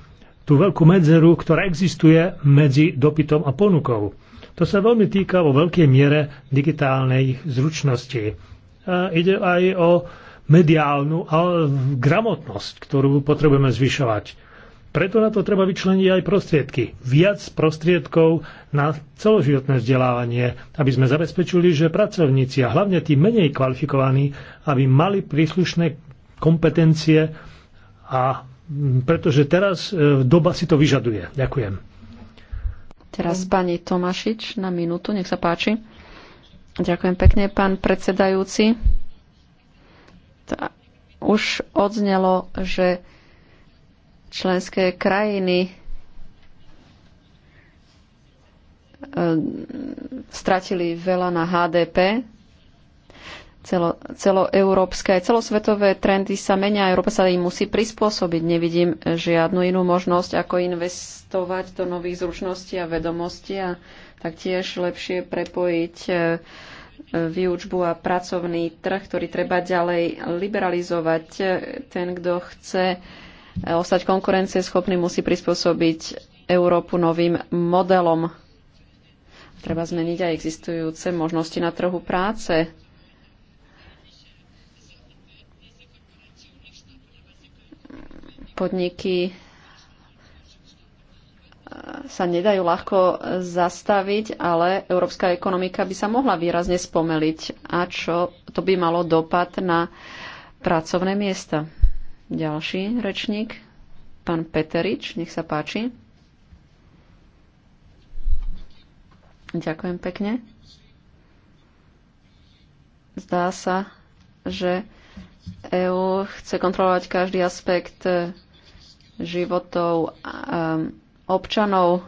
tú veľkú medzeru, ktorá existuje medzi dopytom a ponukou. To sa veľmi týka vo veľkej miere digitálnej zručnosti. A ide aj o mediálnu a gramotnosť, ktorú potrebujeme zvyšovať. Preto na to treba vyčleniť aj prostriedky. Viac prostriedkov na celoživotné vzdelávanie, aby sme zabezpečili, že pracovníci a hlavne tí menej kvalifikovaní, aby mali príslušné kompetencie a Mm, pretože teraz e, doba si to vyžaduje. Ďakujem. Teraz pani Tomašič na minútu, nech sa páči. Ďakujem pekne, pán predsedajúci. Už odznelo, že členské krajiny e, stratili veľa na HDP, Celo, celoeurópske aj celosvetové trendy sa menia, Európa sa im musí prispôsobiť. Nevidím žiadnu inú možnosť, ako investovať do nových zručností a vedomostí a taktiež lepšie prepojiť e, výučbu a pracovný trh, ktorý treba ďalej liberalizovať. E, ten, kto chce e, ostať konkurencieschopný, musí prispôsobiť Európu novým modelom. Treba zmeniť aj existujúce možnosti na trhu práce. Podniky e, sa nedajú ľahko zastaviť, ale európska ekonomika by sa mohla výrazne spomeliť. A čo to by malo dopad na pracovné miesta? Ďalší rečník, pán Peterič, nech sa páči. Ďakujem pekne. Zdá sa, že EÚ chce kontrolovať každý aspekt životov ehm, občanov.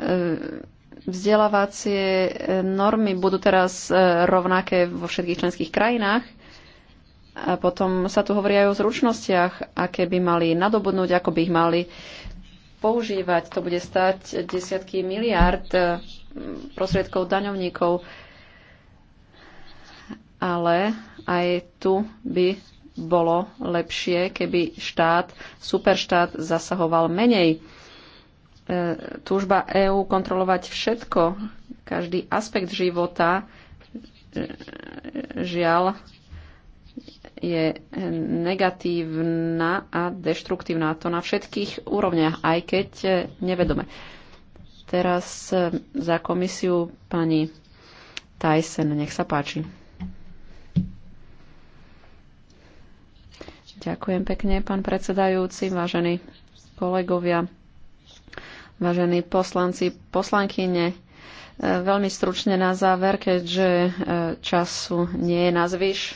Ehm, vzdelávacie eh, normy budú teraz eh, rovnaké vo všetkých členských krajinách. A potom sa tu hovorí aj o zručnostiach, aké by mali nadobudnúť, ako by ich mali používať. To bude stať desiatky miliárd ehm, prostriedkov daňovníkov. Ale aj tu by bolo lepšie, keby štát, superštát zasahoval menej. E, túžba EÚ kontrolovať všetko, každý aspekt života, e, žiaľ, je negatívna a deštruktívna. To na všetkých úrovniach, aj keď e, nevedome. Teraz za komisiu pani Tyson, nech sa páči. Ďakujem pekne, pán predsedajúci, vážení kolegovia, vážení poslanci, poslankyne. E, veľmi stručne na záver, keďže e, času nie je na zvyš.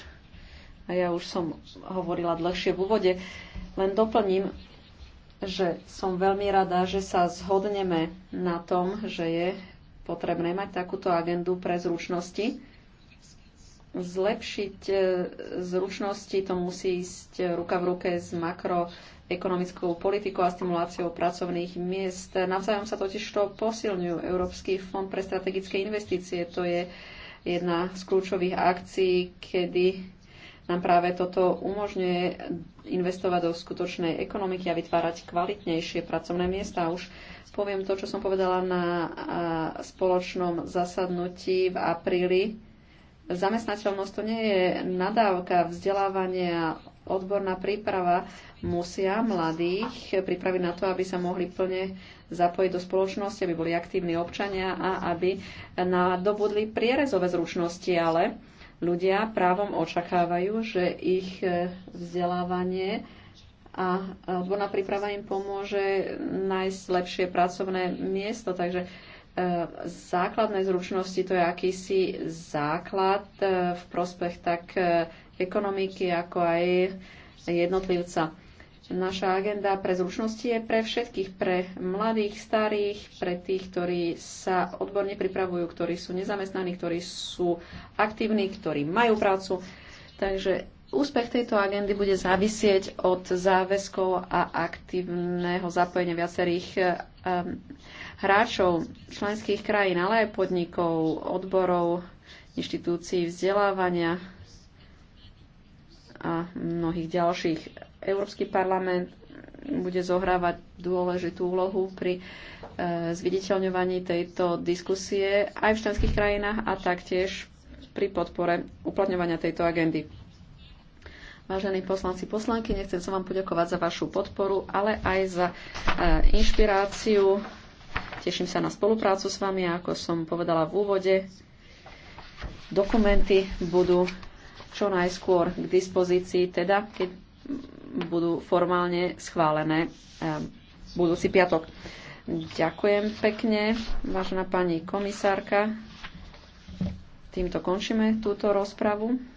A ja už som hovorila dlhšie v úvode. Len doplním, že som veľmi rada, že sa zhodneme na tom, že je potrebné mať takúto agendu pre zručnosti zlepšiť e, zručnosti, to musí ísť ruka v ruke s makroekonomickou politikou a stimuláciou pracovných miest. Navzájom sa totiž to posilňujú. Európsky fond pre strategické investície, to je jedna z kľúčových akcií, kedy nám práve toto umožňuje investovať do skutočnej ekonomiky a vytvárať kvalitnejšie pracovné miesta. Už poviem to, čo som povedala na spoločnom zasadnutí v apríli Zamestnateľnosť to nie je nadávka, vzdelávanie a odborná príprava musia mladých pripraviť na to, aby sa mohli plne zapojiť do spoločnosti, aby boli aktívni občania a aby nadobudli prierezové zručnosti, ale ľudia právom očakávajú, že ich e, vzdelávanie a odborná príprava im pomôže nájsť lepšie pracovné miesto. Takže Eh, základné zručnosti, to je akýsi základ eh, v prospech tak eh, ekonomiky, ako aj jednotlivca. Naša agenda pre zručnosti je pre všetkých, pre mladých, starých, pre tých, ktorí sa odborne pripravujú, ktorí sú nezamestnaní, ktorí sú aktívni, ktorí majú prácu. Takže Úspech tejto agendy bude závisieť od záväzkov a aktívneho zapojenia viacerých um, hráčov členských krajín, ale aj podnikov, odborov, inštitúcií vzdelávania a mnohých ďalších. Európsky parlament bude zohrávať dôležitú úlohu pri eh, zviditeľňovaní tejto diskusie aj v členských krajinách a taktiež pri podpore uplatňovania tejto agendy. Vážení poslanci, poslanky, nechcem sa vám poďakovať za vašu podporu, ale aj za e, inšpiráciu. Teším sa na spoluprácu s vami, ako som povedala v úvode. Dokumenty budú čo najskôr k dispozícii, teda keď budú formálne schválené e, budúci piatok. Ďakujem pekne, vážená pani komisárka. Týmto končíme túto rozpravu.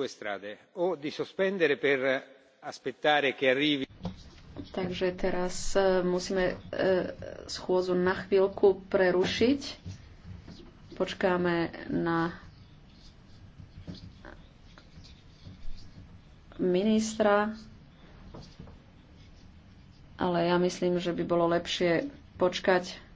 due strade o di sospendere per aspettare che arrivi Takže teraz e, musíme e, schôzu na chvíľku prerušiť. Počkáme na ministra, ale ja myslím, že by bolo lepšie počkať